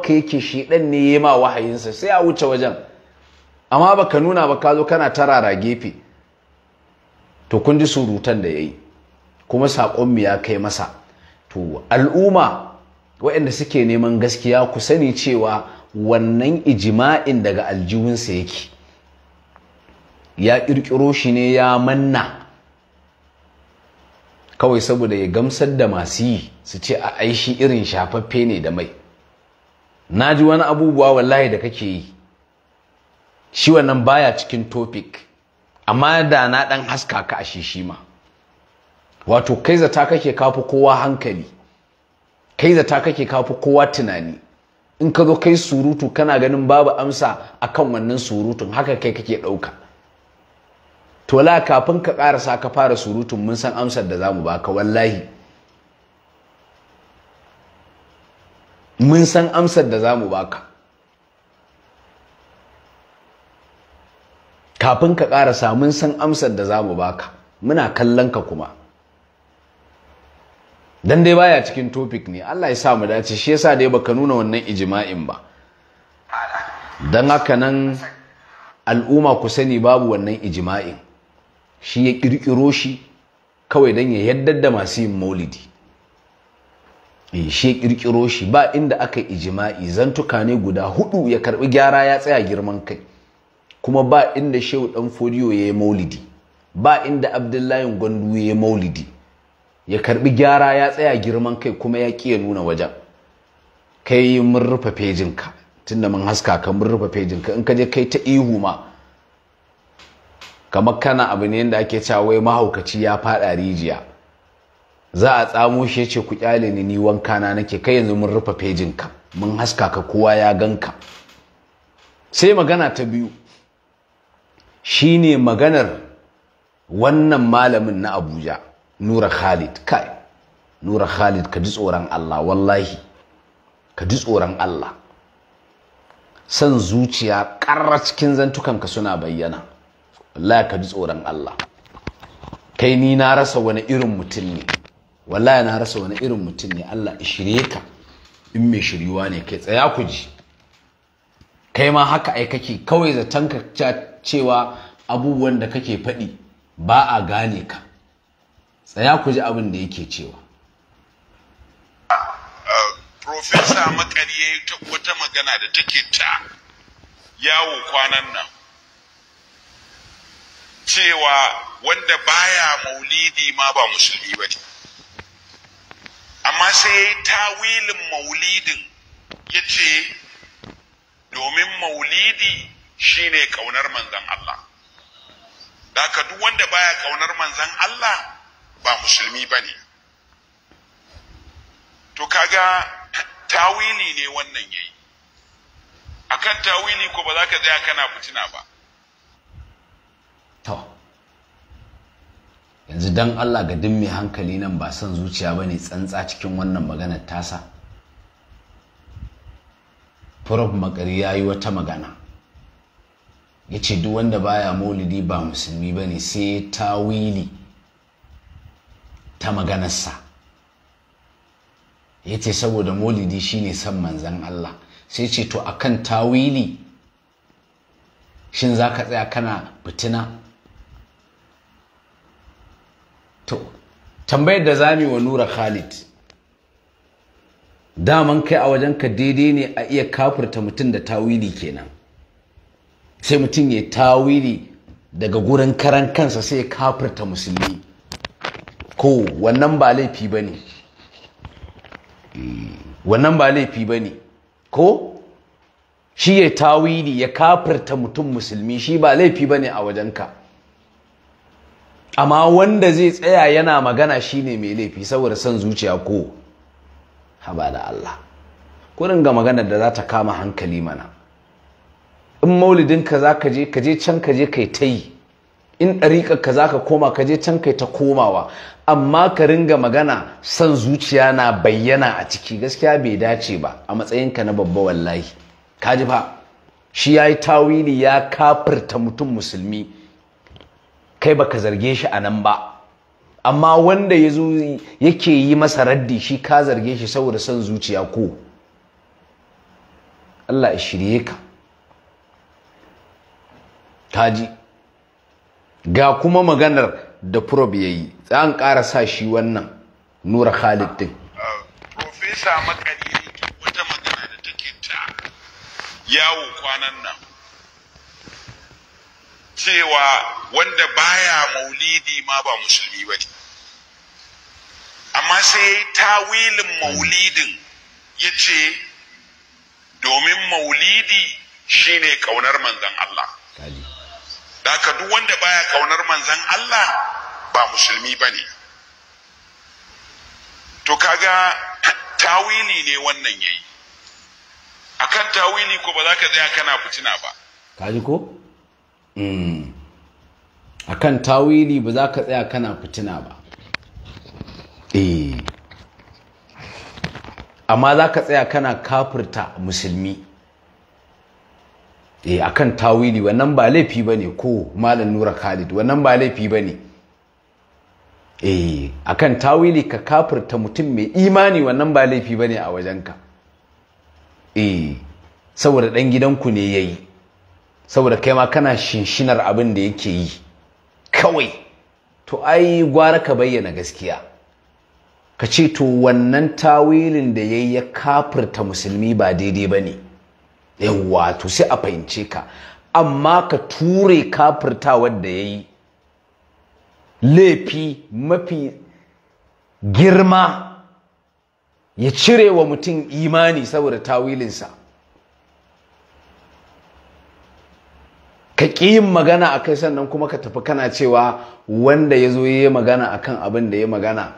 ka yake shi ɗan ne ya ma wahayinsa sai a wuce wajen amma ba ka nuna ba ka zo kana tarara gefe to kun ji surutan da ya yi kuma saƙonmu ya kai masa to al'umma waɗanda suke neman gaskiya ku sani cewa wannan ijima'in daga aljihunsa yake ya ƙirƙiro shi ne ya manna kawai saboda ya gamsar da masu yi su ce a aishi irin shafaffe ne da mai na ji wani abubuwa wallahi da kake yi shi wannan baya cikin topic amma da na ɗan haska ka a shi ma wato kai zata kake kafi kowa hankali kai zata kake kafi kowa tunani in ka zo kai surutu kana ganin babu amsa akan wannan surutun haka kai kake ɗauka to la kafin ka ƙarasa ka fara surutun mun san amsar da zamu baka wallahi mun san amsar da zamu baka kafin ka ƙarasa mun san amsar da za mu baka muna kallon ka kuma don dai baya cikin topic ne Allah ya sa mu dace shi yasa dai baka nuna wannan ijima'in ba Don haka nan al'umma ku sani babu wannan ijima'in. shi ya ƙirƙiro shi kawai don ya yaddar da masu yin maulidi eh, shi ya ƙirƙiro shi ba inda aka ijima'i zantuka ne guda hudu ya karɓi gyara ya tsaya girman kai kuma ba inda shehu dan foliyo ya yi maulidi ba inda abdullahi gwandu ya yi maulidi ya karbi gyara ya tsaya girman kai kuma ya ƙi ya nuna wajen kai mun rufe fejinka tunda mun haska ka mun rufe fejinka in ka je kai ta ihu ma kamar kana abu ne yadda ake cewa wai mahaukaci ya faɗa rijiya za a tsamo shi ce ku kyale ni ni wanka na nake kai yanzu mun rufe fejinka mun haska ka kowa ya ganka sai magana ta biyu shine maganar wannan malamin na Abuja Nura Khalid kai Nura Khalid ka ji tsoron Allah wallahi ka ji tsoron Allah san zuciya karra cikin zantukanka suna bayyana wallahi ka ji tsoron Allah kai ni na rasa wani irin mutum ne wallahi na rasa wani irin mutum ne Allah shirye ka in mai shiryuwa ne kai tsaya ku ji kai ma haka ai kake kawai zaton ka cewa abubuwan da kake faɗi ba a gane ka tsaya ku ji abin da yake cewa Profesa makari ya yi wata magana da take ta yawo kwanan nan cewa wanda baya maulidi ma ba musulmi ba amma sai ya yi tawilin maulidin ya ce domin maulidi shine ƙaunar manzan Allah da duk wanda baya ƙaunar manzan Allah ba musulmi bane to kaga tawili ne wannan yayi akan tawili ko ba za ka tsaya kana fitina ba to yanzu dan Allah ga duk mai hankali nan ba son zuciya ne tsantsa cikin wannan maganar tasa Prof Makari ya yi wata magana ya ce duk wanda baya maulidi ba musulmi ba ne sai tawili ta maganarsa ya ce saboda maulidi shine san manzan Allah sai ce to akan wili shin za ka tsaya kana fitina to tambayar da zami wa nura khalid daman kai a wajen ka daidai ne a iya kafirta mutum da tawili kenan sai mutum ya tawili daga gurin karan kansa sai ya kafirta musulmi ko wannan ba laifi ba ne eh, wannan ba laifi ba ne ko shi ya tawili ya kafirta mutum musulmi shi ba laifi ba ne a wajenka amma wanda zai tsaya yana magana shi ne mai laifi saboda son zuciya ko haba da Allah kurin ga maganar da za ta kama hankali mana in maulidin ka za ka je ka je can ka je kai ta yi in ɗariƙar ka za ka koma ka je can kai ta komawa amma ka ringa magana son zuciya na bayyana a ciki gaskiya bai dace ba a matsayinka na babba wallahi ka ji fa shi ya yi tawili ya kafirta mutum musulmi kai baka zarge shi a nan ba amma wanda ya zo yake yi masa raddi shi ka zarge shi saboda son zuciya ko Allah ya shirye ka taji ga kuma maganar da probe ya yi tsan ƙara sa shi wannan nura khalid din profesa makari wata magana da take ta yawo kwanan nan cewa wanda baya maulidi ma ba musulmi ba amma sai ya tawilin maulidin ya ce domin maulidi shine ƙaunar manzon Allah haka duk wanda baya kaunar manzan Allah ba musulmi ba ne to kaga tawili ne wannan yayi akan tawili ko ba za ka tsaya kana fitina ba kaji ko hmm. akan tawili ba za ka tsaya kana fitina ba eh amma za ka tsaya kana kafirta musulmi eh akan tawili wannan ba laifi bane ko malam nura khalid wannan ba laifi bane eh akan tawili ka kafirta mutum mai imani wannan ba laifi bane a wajenka eh saboda dan gidanku ne yayi saboda kai ma kana shinshinar abin da yake yi kawai to ai gwara ka bayyana gaskiya ka ce to wannan tawilin da yayi ya kafirta musulmi ba daidai bane ne yawwa to sai a fahimce ka amma ka ture kafirtawar da ya yi laifi mafi girma ya cire wa mutum imani saboda tawilinsa ka ƙi yin magana a kai sannan kuma ka tafi kana cewa wanda ya zo ya magana a kan abin da ya magana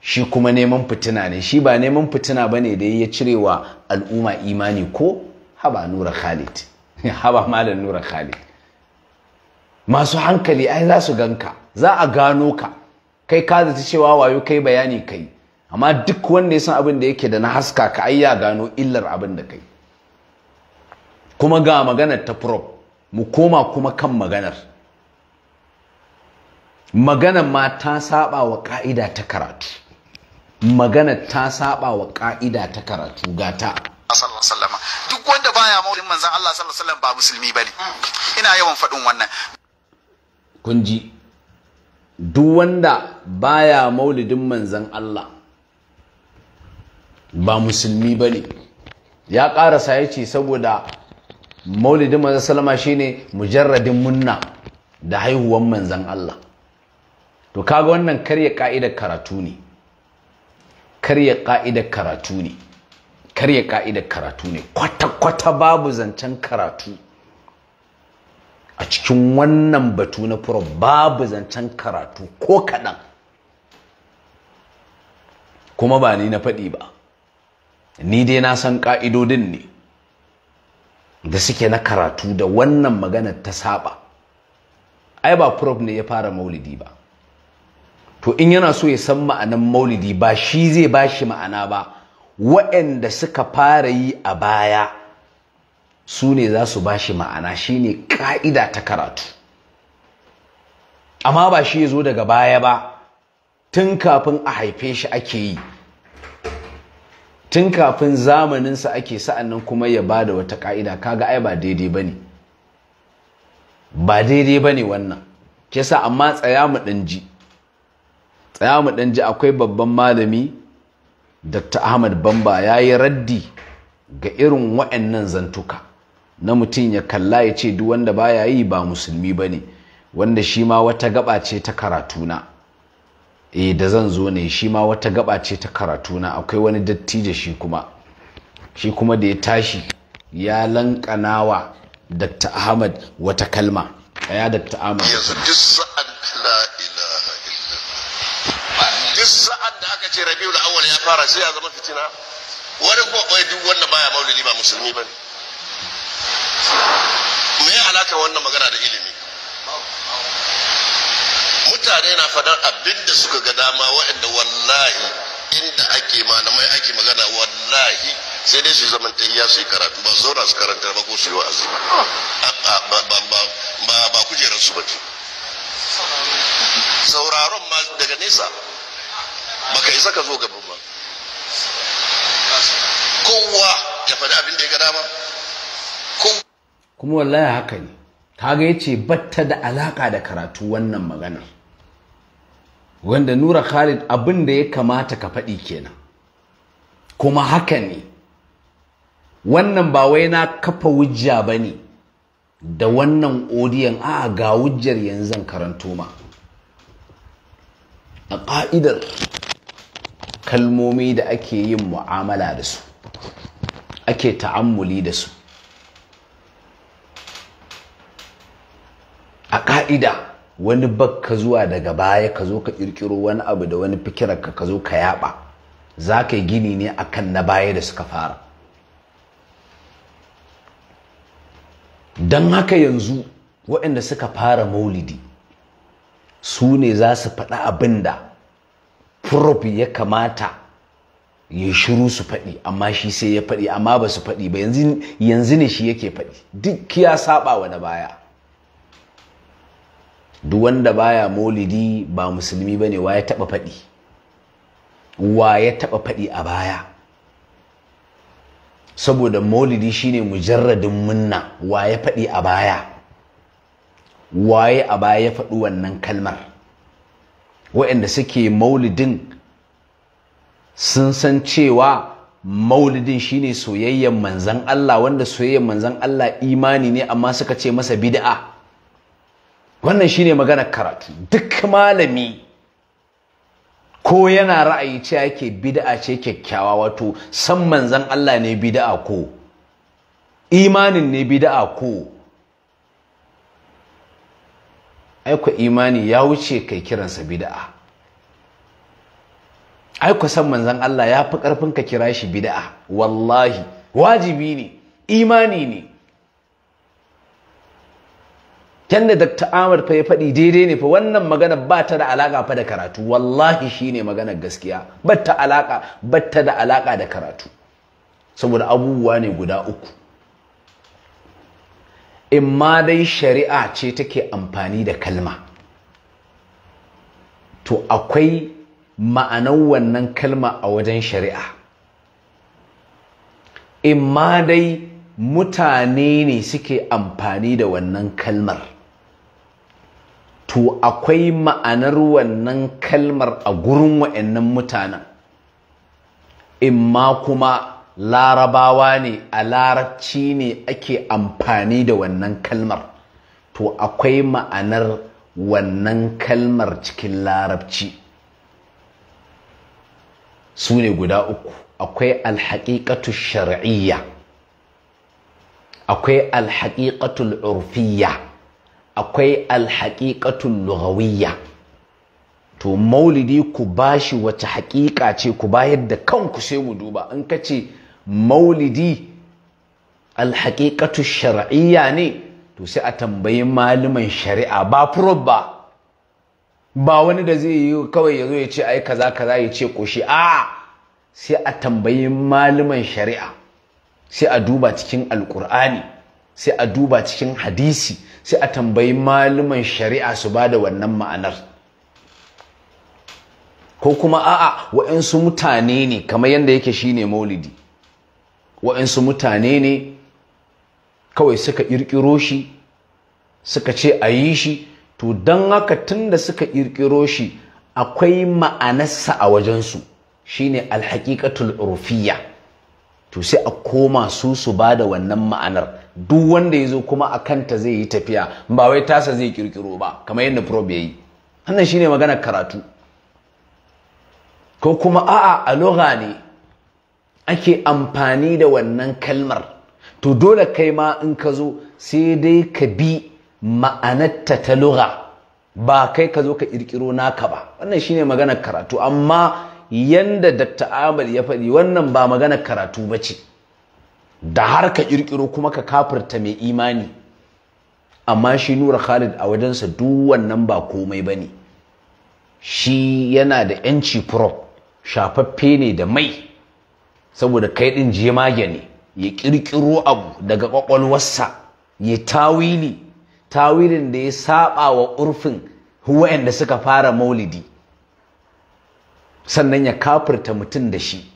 shi kuma neman fitina ne shi ba neman fitina ba ne da ya cire wa al'umma imani ko haba nura khalid haba malam nura khalid masu hankali ai za su ganka za a gano ka kai ka zata cewa wayo kai bayani kai amma duk wanda ya san abin da yake da na haska ka ai ya gano illar abin da kai kuma ga maganar ta prop mu koma kuma kan maganar maganar ma ta saba wa ka'ida ta karatu maganar ta saba wa ka'ida ta karatu gata baya maulidin manzan Allah sallallahu alaihi wasallam ba musulmi bane ina yawan faɗin wannan kun ji duk wanda baya maulidin manzan Allah ba musulmi bane ya karasa yace saboda maulidin manzon sallama shine mujarradin munna da haihuwan manzan Allah to kaga wannan karya ka'idar karatu ne karya ka'idar karatu ne karya ka'idar karatu ne kwata-kwata babu zancen karatu a cikin wannan batu na furo babu zancen karatu ko kaɗan kuma ba ni na faɗi ba ni dai na san ƙa'idodin ne da suke na karatu da wannan maganar ta saba ai ba prof ne ya fara maulidi ba to in yana so ya san ma'anan maulidi ba shi zai ba shi ma'ana ba waɗanda suka fara yi a baya su ne za su ba shi ma'ana shi ne ƙa'ida ta karatu amma ba shi ya zo daga baya ba tun kafin a haife shi ake yi tun kafin zamaninsa ake sa'annan kuma ya ba da wata ƙa'ida kaga ai ba daidai ba ne ba daidai ba ne wannan kesa amma tsaya mu ɗan ji tsaya mu ɗan ji akwai babban malami Dr. Ahmad Bamba ya yi raddi ga irin wa'annan zantuka na mutum ya kalla ya ce duk wanda baya yi ba musulmi ba ne wanda shi ma wata gaba ce ta karatuna e da zan zo ne shi ma wata gaba ce ta karatuna akwai wani dattijo shi kuma shi kuma da ya tashi ya lankanawa Dr. Ahmad wata kalma ya Dr. Ahmad yanzu a ce rabiul awwal ya fara sai ya zama fitina wani ko kai duk wanda baya maulidi ba musulmi bane me ya alaka wannan magana da ilimi mutane na fadan abinda suka ga dama wa'anda wallahi inda ake malamai ake magana wallahi sai dai su zaman tayya su yi karatu ba zauna su karanta ba ko su yi wa'azi ba kujerar su ba ce sauraron ma daga nesa baka isa ka zo gaban ba kowa ya faɗi abin da ya gada ba kuma wallahi haka ne kaga ya ce batta da alaƙa da karatu wannan magana wanda nura khalid abin da ya kamata ka faɗi kenan kuma haka ne wannan ba wai na kafa wujja ba ne da wannan odiyon a ga wujjar yanzu karanto ma a ƙa'idar kalmomi da ake yin mu'amala da su ake ta'ammuli da su a ƙa'ida wani bak ka zuwa daga baya ka zo ka ƙirƙiro wani abu da wani fikirarka ka zo ka yaɓa za ka yi gini ne a kan na baya da suka fara don haka yanzu waɗanda suka fara maulidi su ne za su faɗi abin da prop ya kamata ya shiru su faɗi amma shi sai ya faɗi amma ba su faɗi ba yanzu ne shi yake faɗi duk ya saba wa na baya duk wanda baya maulidi ba musulmi bane wa ya taɓa faɗi wa ya taɓa faɗi a baya saboda maulidi shine mujarradin munna wa ya faɗi a baya waye a baya ya faɗi wannan kalmar waɗanda suke maulidin sun san cewa maulidin shine soyayyen manzan Allah wanda soyayyen manzan Allah imani ne amma suka ce masa bid'a wannan shine maganar karatu duk malami ko yana ra'ayi ce yake bid'a ce kyakkyawa wato san manzan Allah ne bid'a ko imanin ne bid'a ko aiko imani ya wuce kai kiransa bid'a aiko san manzon Allah ya fi karfin ka kira shi bid'a wallahi wajibi ne imani ne yadda Dr. Ahmad fa ya faɗi daidai ne fa wannan magana ba ta da alaka fa da karatu wallahi shine maganar gaskiya ba ta alaka ba ta da alaƙa da karatu saboda abubuwa ne guda uku in ma dai shari'a ce take amfani da kalma to akwai ma'anar wannan kalma a wajen shari'a in ma dai mutane ne suke amfani da wannan kalmar to akwai ma'anar wannan kalmar a gurin wa'annan mutanen in ma kuma larabawa ne a larabci ne ake amfani da wannan kalmar to akwai ma'anar wannan kalmar cikin larabci su ne guda uku akwai alhaƙiƙatu shar'iyya akwai alhaƙiƙatu urfiyya akwai alhaƙiƙatu lughawiyya to maulidi ku bashi wace haƙiƙa ce ku bayar da kanku sai mu duba in ka ce maulidi alhaƙiƙatu shari'iyya ne to sai a tambayi malaman shari'a ba furob ba ba wani da zai yi kawai ya zo ya ce ai kaza kaza ya ce koshi a sai a tambayi malaman shari'a sai a duba cikin alƙur'ani sai a duba cikin hadisi sai a tambayi malaman shari'a su ba da wannan ma'anar ko kuma a'a wa'insu mutane ne kamar yadda yake shine maulidi waɗansu mutane ne kawai suka ƙirƙiro shi suka ce a yi shi to don haka tun da suka ƙirƙiro shi akwai ma'anarsa a wajensu shine alhaƙiƙatul rufiya to sai a koma su su ba da wannan ma'anar duk wanda ya zo kuma a kanta zai yi tafiya ba wai tasa zai ƙirƙiro ba kamar yadda probe ya yi wannan shine maganar karatu ko kuma a'a a lugha ne ake amfani da wannan kalmar to dole kai ma in ka zo sai dai ka bi ma'anarta ta lura ba kai ka zo ka ƙirƙiro naka ba wannan shine maganar karatu amma yanda Dr. Ahmad ya faɗi wannan ba maganar karatu ba ce da har ka ƙirƙiro kuma ka kafirta mai imani amma shi Nura Khalid a wajensa duk wannan ba komai ba ne shi yana da ‘yanci prop shafaffe ne da mai saboda kai din jemage ne ya kirkiro abu daga kwakwalwarsa ya tawili tawilin da ya saba wa urfin wa'anda suka fara maulidi sannan ya kafirta mutum da shi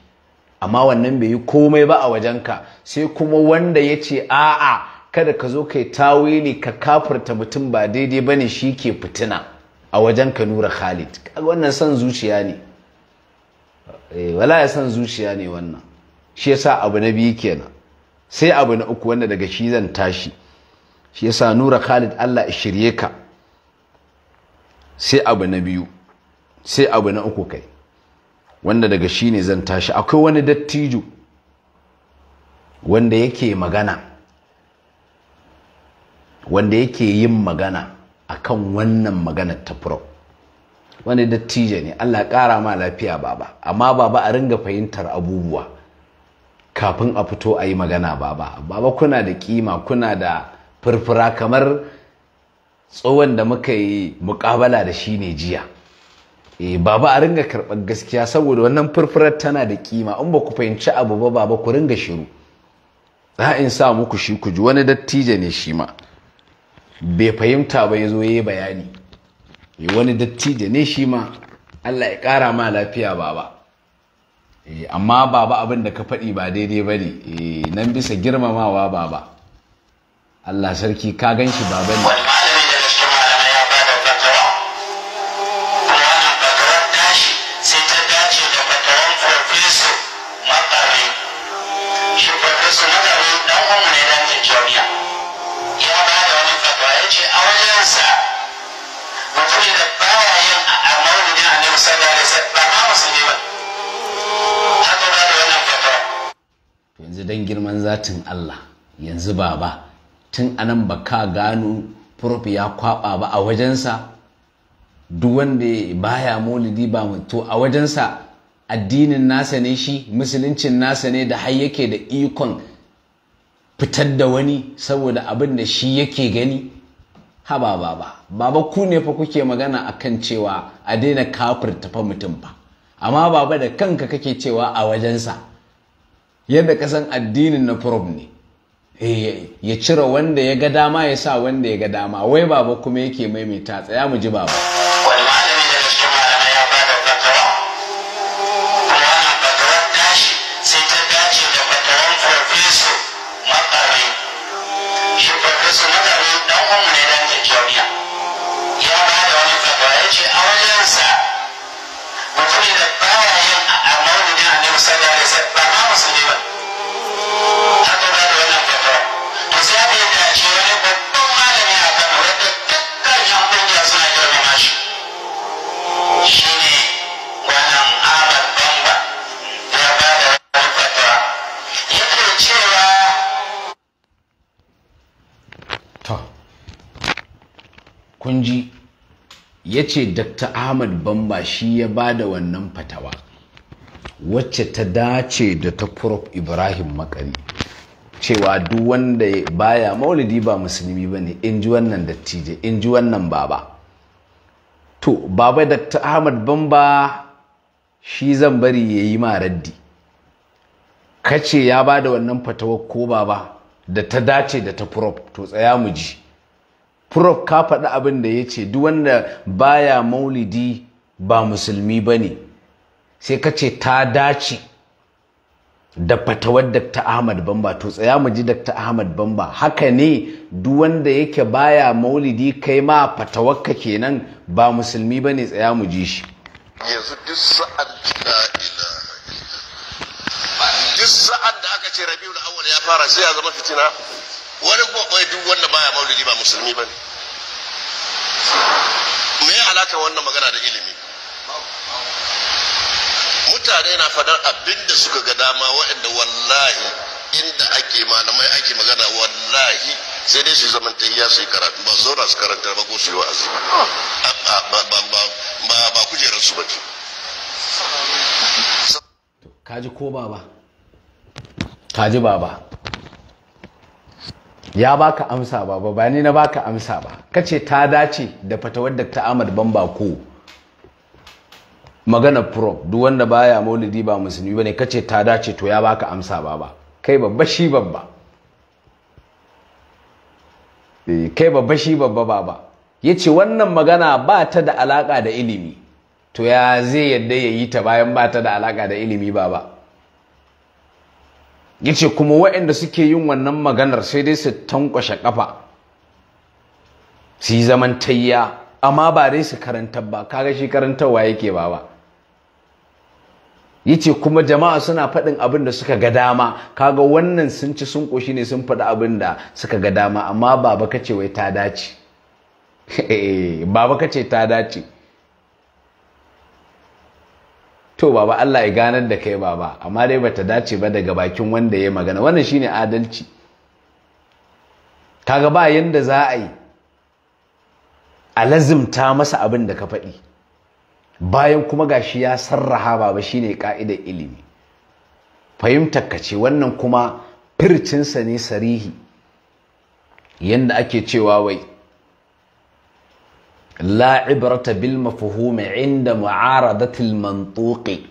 amma wannan bai yi komai ba a wajenka sai kuma wanda ya ce a'a kada ka zo kai tawili ka kafirta mutum ba daidai ba ne shi ke fitina a wajenka nura khalid wannan son zuciya ne Eh, wala ya san zuciya ne wannan shi yasa abu na biyu kenan sai abu na uku wanda daga shi zan tashi shi yasa nura khalid allah shirye ka sai abu na biyu sai abu na uku kai wanda daga shi ne zan tashi akwai wani dattijo wanda yake magana wanda yake yin magana akan wannan maganar ta furau. wani dattijo ne Allah ƙara ma lafiya baba amma baba a ringa fahimtar abubuwa kafin a fito a yi magana baba baba kuna da kima kuna da furfura kamar tsohon da muka yi muƙabala da shi ne jiya e baba a ringa karɓar gaskiya saboda wannan furfurar tana da kima in ba ku fahimci abu ba baba ku ringa shiru za in sa muku shi ku ji wani dattijo ne shi ma bai fahimta ba ya zo ya yi bayani wani dattijo ne shi ma Allah ya ƙara ma lafiya baba eh, amma baba abin da ka faɗi ba daidai ba ne eh, nan bisa girmamawa baba Allah sarki ka gan shi baba ne zatin Allah yanzu baba tun anan ba ka gano prof ya kwaba ba a wajensa duk wanda baya maulidi ba to a wajensa addinin nasa ne shi musuluncin nasa ne da har yake da ikon fitar da wani saboda abin da shi yake gani haba ba baba ku ne fa kuke magana akan cewa a daina kafirta fa mutum ba amma baba da kanka kake cewa a wajensa yadda kasan addinin na prob ne eh, ya cire wanda ya ga dama ya sa wanda ya ga dama wai baba kuma yake maimaita tsaya mu ji baba ya ce dr ahmad bamba shi ya ba da wannan fatawa wacce ta dace da ta prof ibrahim makari cewa duk wanda baya maulidi ba musulmi ba ne in ji wannan dattijai in ji wannan baba to baba dr ahmad bamba shi zan bari ya yi ma raddi kace ya ba da wannan fatawa ko baba da ta dace da ta prof to tsaya mu ji prof ka faɗi abin da ya ce duk wanda baya maulidi ba musulmi ba ne sai ka ce ta dace da fatawar Dr. Ahmad Bamba to tsaya mu ji Dr. Ahmad Bamba haka ne duk wanda yake baya maulidi kai ma fatawarka kenan ba musulmi bane tsaya mu ji shi yanzu duk sa'ad duk da aka ce Rabiul Awwal ya fara sai ya zama fitina wani kuma duk wanda baya maulidi ba musulmi ba ne me alaka wannan magana da ilimi mutane na fadar abin da suka ga dama waɗanda wallahi inda ake malamai ake magana wallahi sai dai su zaman tahiya su sai karatu ba su zauna su karanta ba ko su yi wa'azi ba kujerar su bace kaji ko baba kaji baba ya baka amsa ba ba ba ni na baka amsa ba kace ta dace da fatawar Dr. Ahmad bamba ko magana pro duk wanda baya maulidi ba musulmi bane kace ta dace to ya baka amsa ba ba kai babba shi babba eh, kai babba shi babba ba ba yace wannan magana ba ta da alaka da ilimi to ya zai yadda yi ta bayan ba ta da alaka da ilimi ba ba yace kuma waɗanda suke yin wannan maganar sai dai su tankwashe kafa su yi zaman tayya amma ba dai su karanta ba kaga shi karantarwa yake ba ba yace kuma jama'a suna faɗin abin da suka ga dama kaga wannan sun ci sun koshi ne sun faɗi abin da suka ga dama amma baba kace wai ta dace eh, baba kace ta dace to baba Allah ya ganar da kai baba amma dai bata dace ba daga bakin wanda ya magana wannan shine adalci kaga ba yadda za a yi a lazimta masa abin da ka faɗi bayan kuma gashi ya sarraha baba shine ka'idar ilimi fahimtar ka ce wannan kuma fircinsa ne sarihi yanda ake cewa wai la ibrata bil mafhumi inda mu'aradatil mantuqi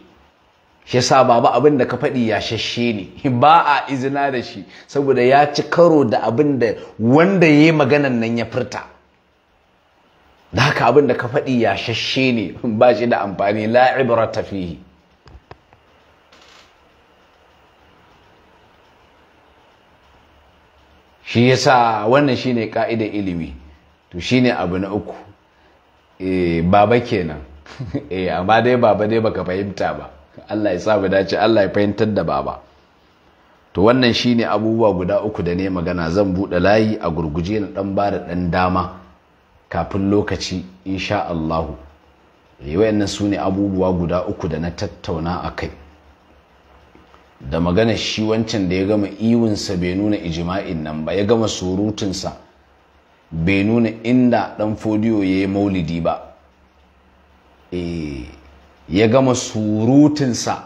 shi yasa baba abin da ka faɗi ya shashe ne ba a izina da shi saboda ya ci karo da abin da wanda ya yi maganan nan ya furta da haka abin da ka faɗi ya shashe ne ba shi da amfani la ibrata shi yasa wannan shine ka'idar ilimi to shine abu na uku E baba kenan eh amma dai baba dai baka fahimta ba Allah ya sa mu dace Allah ya fahimtar da baba to wannan shine abubuwa guda uku da ne magana zan buɗe layi a gurguje na ɗan bada da ɗan dama kafin lokaci insha Allahu eh, wayannan su ne abubuwa guda uku da na tattauna a kai da magana shi wancan da ya gama iwinsa bai nuna ijima'in nan ba ya gama surutunsa bai nuna inda dan fodiyo ya yi maulidi ba e, ya gama surutinsa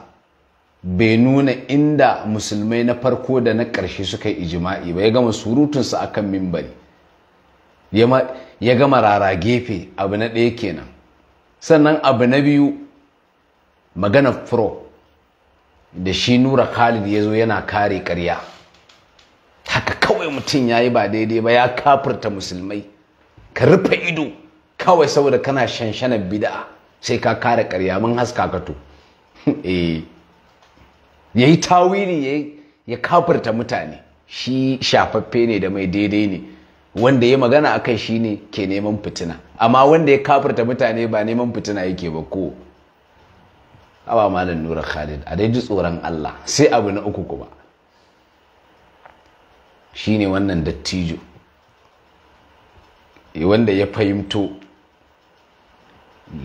bai nuna inda musulmai na farko da na ƙarshe suka yi ijima'i ba ya gama surutunsa akan mimbari ya gama rara gefe abu na ɗaya kenan sannan abu na biyu magana furo da shi nura khalid ya zo yana kare ƙarya haka kawai mutum ya yi ba daidai ba ya kafurta musulmai ka rufe ido kawai saboda kana shanshanar bida'a sai ka kare karya mun haska ka to eh. ya yi tawili ya kafurta mutane shi shafaffe ne da mai daidai ne wanda ya magana a kai shi ne ke neman fitina amma wanda ya kafurta mutane ba neman fitina yake ba ko awa malam nura khalid a dai ji tsoron allah sai abu na uku kuma Shi ne wannan dattijo wanda ya fahimto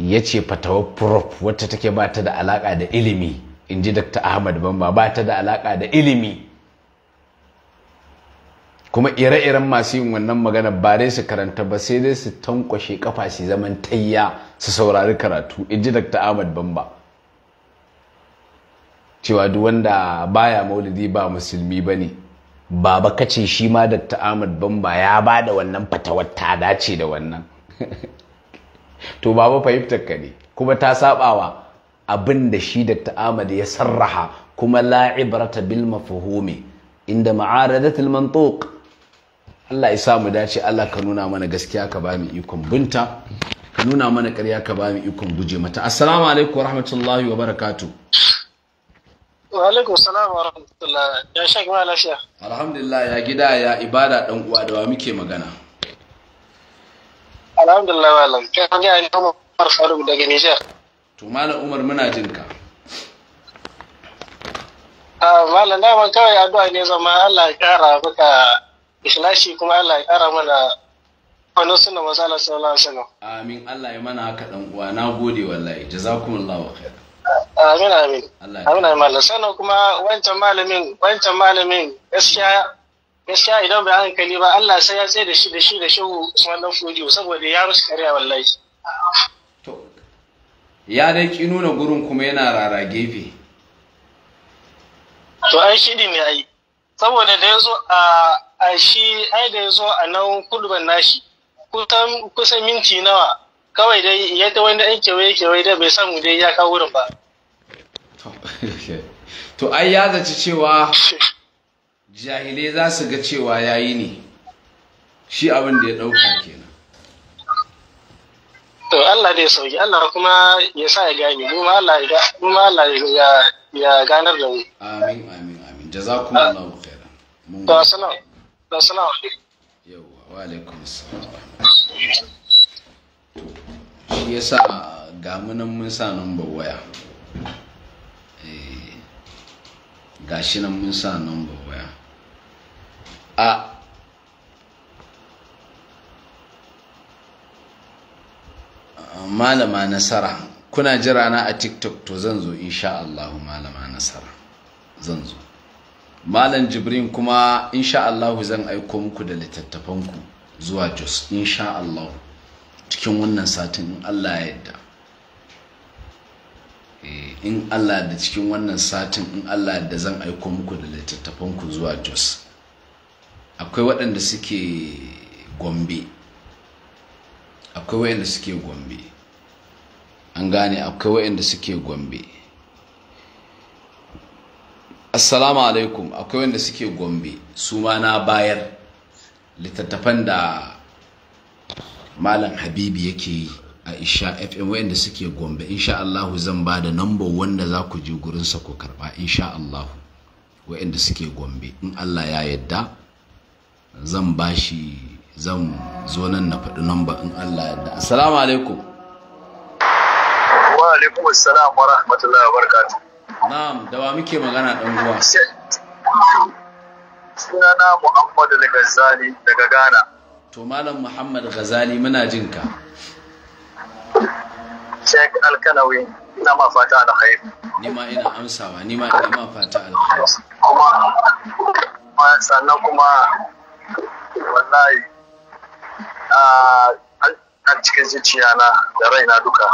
ya ce fatawar prof wata take ba ta da alaƙa da ilimi in ji dr ahmad bamba ba ta da alaƙa da ilimi kuma ire-iren masu yin wannan magana ba dai su karanta ba sai dai su tankwashe kafa su zaman tayya su saurari karatu in ji dr ahmad bamba cewa duk wanda baya maulidi ba musulmi ba ne baba kace shi ma Dr. Ahmad Bamba ya ba da wannan fatawar ta dace da wannan to baba fahimtar ka ne kuma ta sabawa abin da shi Dr. Ahmad ya sarraha kuma la ibrata bil mafhumi inda ma'aradatul mantuq Allah ya samu dace Allah ka nuna mana gaskiya ka ba mu ikon binta ka nuna mana ƙarya ka ba mu ikon guje mata assalamu alaikum warahmatullahi wabarakatuh Wa salam wa rahmatullah. Ya shek ma lafiya. Alhamdulillah ya gida ya ibada dan uwa da wa muke magana. Alhamdulillah malam. Kan ga ni Umar Faruk daga Niger. To malam Umar muna jin ka. Ah malam da ban kawai addu'a ne zama Allah ya kara maka islashi kuma Allah ya kara mana wannan sunna manzo Allah sallallahu alaihi wasallam. Amin Allah ya mana haka dan uwa. Nagode wallahi. Jazakumullahu khair. Amin amin. Amin amin malam. Sannan kuma wancan malamin wancan malamin gaskiya gaskiya idan bai hankali ba Allah sai ya tsaye da shi da shi da shehu Usman dan Fudiyo saboda ya musu karya wallahi. To ya dai ki nuna gurin kuma yana rara gefe. To ai shi ne ai. Saboda da yazo a a shi ai da yazo a nan kulban nashi kusan kusan minti nawa kawai dai yadda wani ɗan kewaye kewaye da bai samu dai ya kawo wurin ba to ai ya zaci cewa jahilai za su ga cewa ya yi ne shi abin da ya ɗauka kenan to Allah dai sauki Allah kuma ya sa ya gane mu ma Allah ya ganar da mu. Amin, amin, ganar da mu amin amin amin jazakumullahu khairan to assalamu assalamu alaikum yawa wa alaikum salam. shi yasa ga munan mun sa number waya eh, ga shi nan mun sa number waya a malama nasara kuna jira na a tiktok to zan zo insha Allahu malama nasara zan zo malam jibrin kuma insha Allahu zan aiko muku da littattafanku zuwa jos insha Allahu cikin wannan satin in allah ya yadda eh, in allah da cikin wannan satin in allah da zan aiko muku da littattafanku zuwa jos akwai waɗanda suke gombe akwai waɗanda suke gombe an gane akwai waɗanda suke gombe assalamu alaikum akwai waɗanda suke gombe su ma na bayar littattafan da malam habibi yake yi a isha fm wanda suke gombe insha allahu zan ba da number wanda za ku je gurinsa ku karba insha allahu wanda suke gombe in allah ya yadda zan ba shi zan zo nan na faɗi number in allah ya yadda assalamu alaikum wa alaikum assalam wa rahmatullahi wa barakatuh na'am da wa muke magana dan uwa sunana muhammadu daga zani daga ghana to malam muhammad ghazali muna jin ka sheik alkanawi ina ma fata alkhairi ni ma ina amsawa ni ma ina ma fata alkhairi kuma sannan kuma wallahi a cikin zuciya na da raina duka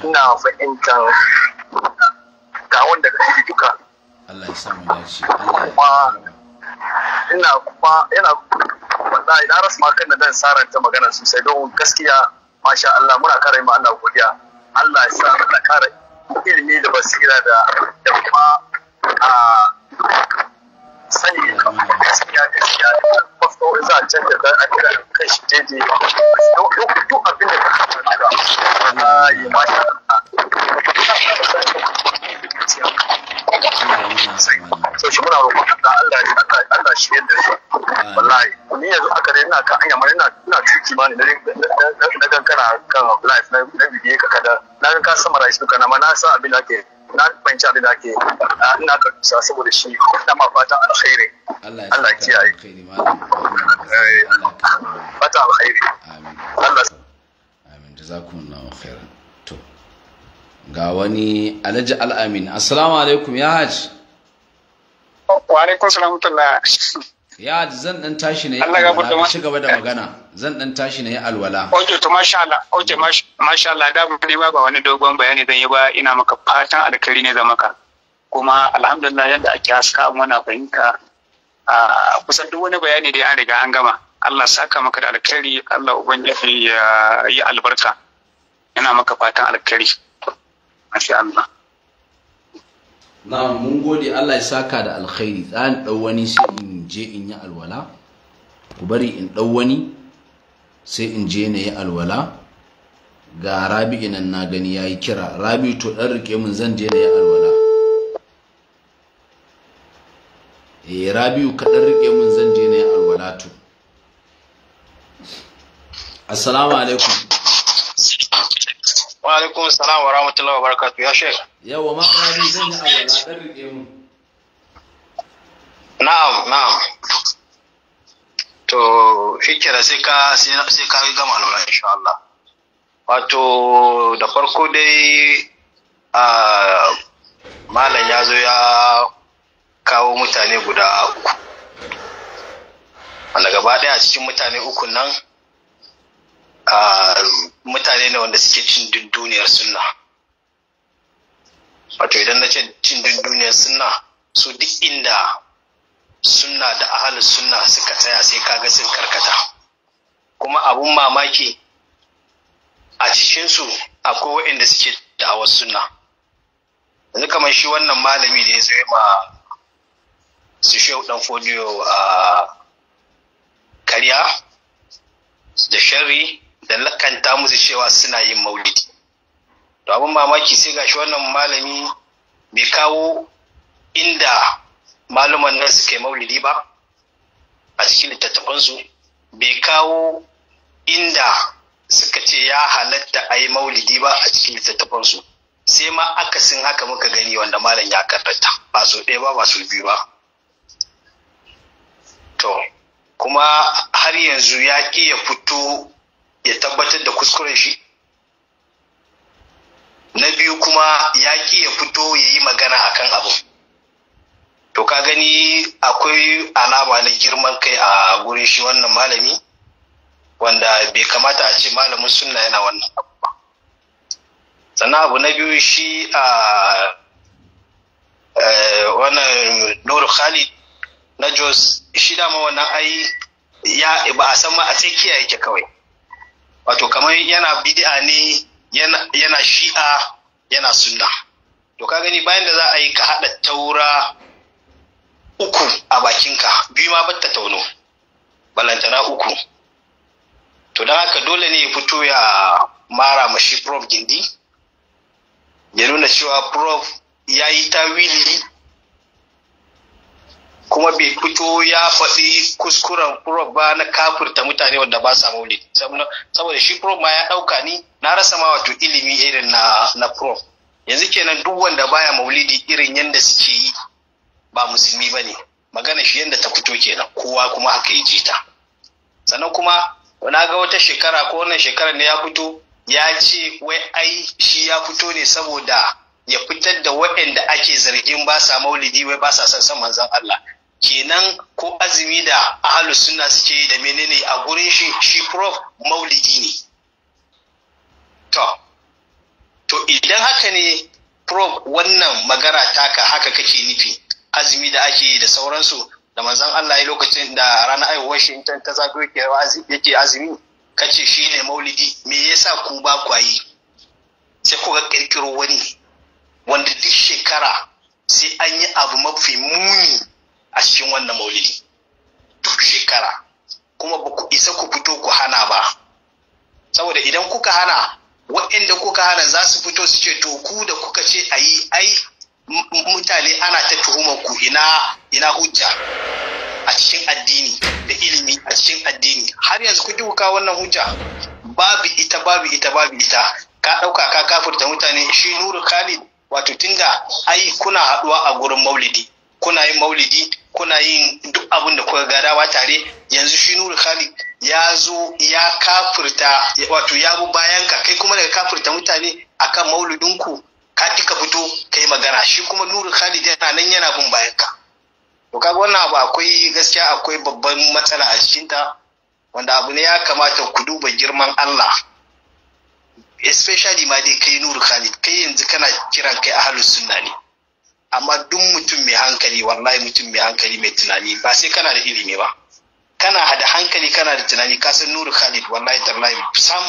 ina fahimtar ga wanda kake duka Allah ya samu dace Allah ya kuma ina kuma ina wallahi rasu ma kan da dan ta magana sosai don gaskiya masha Allah muna kare ma Allah godiya Allah ya sa Allah kare ilimi da basira da da kuma a sani gaskiya gaskiya ko za a canza da a kira kai shi jeje duk abin da ka kira masha Allah so shi muna roƙon Allah Allah ya Allah shi yadda shi wallahi ni yanzu aka dai ina kan anya ina ina tuki ma ne na kankana kan life na na bidiye ka kada na kan ka samara shi ma na san abin da ke na fahimci abin da ke ina ka tusa saboda shi ina ma fatan alkhairi Allah ya kiyaye fata alkhairi Allah amin jazakumullahu khairan ga wani alhaji al'amin assalamu alaikum ya haji wa alaikum salamatullah ya haji zan dan tashi na yi alwala ka ci da magana zan dan tashi na yi alwala oke to masha Allah oke masha Allah da mu ne ba wani dogon bayani zan yi ba ina maka fatan alkhairi ne zan maka kuma alhamdulillah yadda ake haska muna fahimta a kusan duk wani bayani da ya riga an gama Allah saka maka da alkhairi Allah ubangiji ya yi albarka ina maka fatan alkhairi masha Allah na mun gode Allah ya saka da alkhairi tsayan ɗau wani sai in je in yi alwala ku bari in ɗau wani sai in je na yi alwala ga rabi nan na gani ya yi kira rabi to ɗan rike mun zan je na yi alwala eh rabiu ka ɗan rike mun zan je na yi alwala to assalamu alaikum wa salam wa rahmatullahi wa barakatu ya shek yawa ma bi zan yi awala dan rike mu na'am na'am to shikira sai ka sai ka gama lura insha Allah wato da farko dai a malam ya zo ya kawo mutane guda uku wanda gaba daya a cikin mutane uku nan mutane ne wanda suke cin dunduniyar sunna wato idan na ce cin dunduniyar sunna su duk inda sunna da ahal sunna suka tsaya sai kaga sun karkata kuma abun mamaki a cikinsu akwai waɗanda suke da'awar sunna yanzu kamar shi wannan malami da ya zai ma su shehu ɗan fodiyo a karya da sharri da lakanta musu cewa suna yin maulidi to abin mamaki sai gashi wannan malami bai kawo inda maluman nan suke maulidi ba a cikin littattafansu bai kawo inda suka ce ya halatta a yi maulidi ba a cikin littattafansu sai ma aka akasin haka muka gani wanda malam ya karanta ba su ɗaya ba ba su biyu ba to kuma har yanzu ya iya fito ya tabbatar da kuskuren shi na biyu kuma ya ki ya fito ya yi magana a kan abu to ka gani akwai alama na girman kai a gurin shi wannan malami wanda bai kamata a ce malamin sunna yana wannan abu ba sannan abu na biyu shi a e, wannan nuru khalid na jos shi dama wannan ai ya ba a san ma a ce kiyaye ke kawai wato kamar yana bid'a ne yana shi'a yana sunna to ka gani bayan da za a yi ka haɗa taura uku a bakinka biyu ma batta tauno balantana uku to don haka dole ne ya fito ya mara mashi prof gindi ya nuna cewa prof ya yi tawili kuma bai fito ya faɗi kuskuren furof ba na kafurta mutane wanda ba sa maulid saboda shi furof ma ya ɗauka ni na rasa ma wato ilimi irin na na yanzu kenan duk wanda baya maulidi irin yanda suke yi ba musulmi ba ne magana shi yanda ta fito kenan kowa kuma aka yi jita. sannan kuma na ga wata shekara ko wannan shekarar ne ya fito ya ce wai ai shi ya fito ne saboda ya fitar da waɗanda ake zargin ba sa maulidi wai ba sa son manzon Allah kenan ko azumi da ahalus suna suke da menene a gurin shi shi prof maulidi ne to to idan haka ne prof wannan magana taka haka kake nufi azumi da ake yi da sauransu da manzon Allah ya lokacin da ranar aiwuwar shi ta ta zago yake azumi kace shi ne maulidi me yasa ku ba ku yi sai ku ga kirkiro wani wanda duk shekara sai an yi abu mafi muni a cikin wannan maulidi duk shekara kuma ba ku isa ku fito ku hana ba saboda idan kuka hana waɗanda kuka hana za su fito su ce to ku da kuka ce a yi ai mutane ana ta tuhumar ku ina ina hujja a cikin addini da ilimi a cikin addini har yanzu ku kuki kawo wannan hujja babu ita babu ita babu ita ka ɗauka ka kafurta mutane shi nuru khalid wato tunda ai kuna haɗuwa a gurin maulidi kuna yin maulidi kuna yin duk abin da kuka gadawa tare yanzu shi nuru khalid ya zo ya kafurta wato ya bu bayan ka kai kuma daga kafurta mutane akan maulidinku ka ki ka fito kai magana shi kuma nuru khalid yana nan yana bin bayan ka to kaga wannan abu akwai gaskiya akwai babban matsala a cikin ta wanda abu ne ya kamata ku duba girman Allah especially ma dai kai nuru khalid kai yanzu kana kiran kai ahlus sunna ne amma duk mutum mai hankali wallahi mutum mai hankali mai tunani ba sai kana da ilimi ba kana da hankali kana da tunani ka san nuru khalid wallahi tallahi sam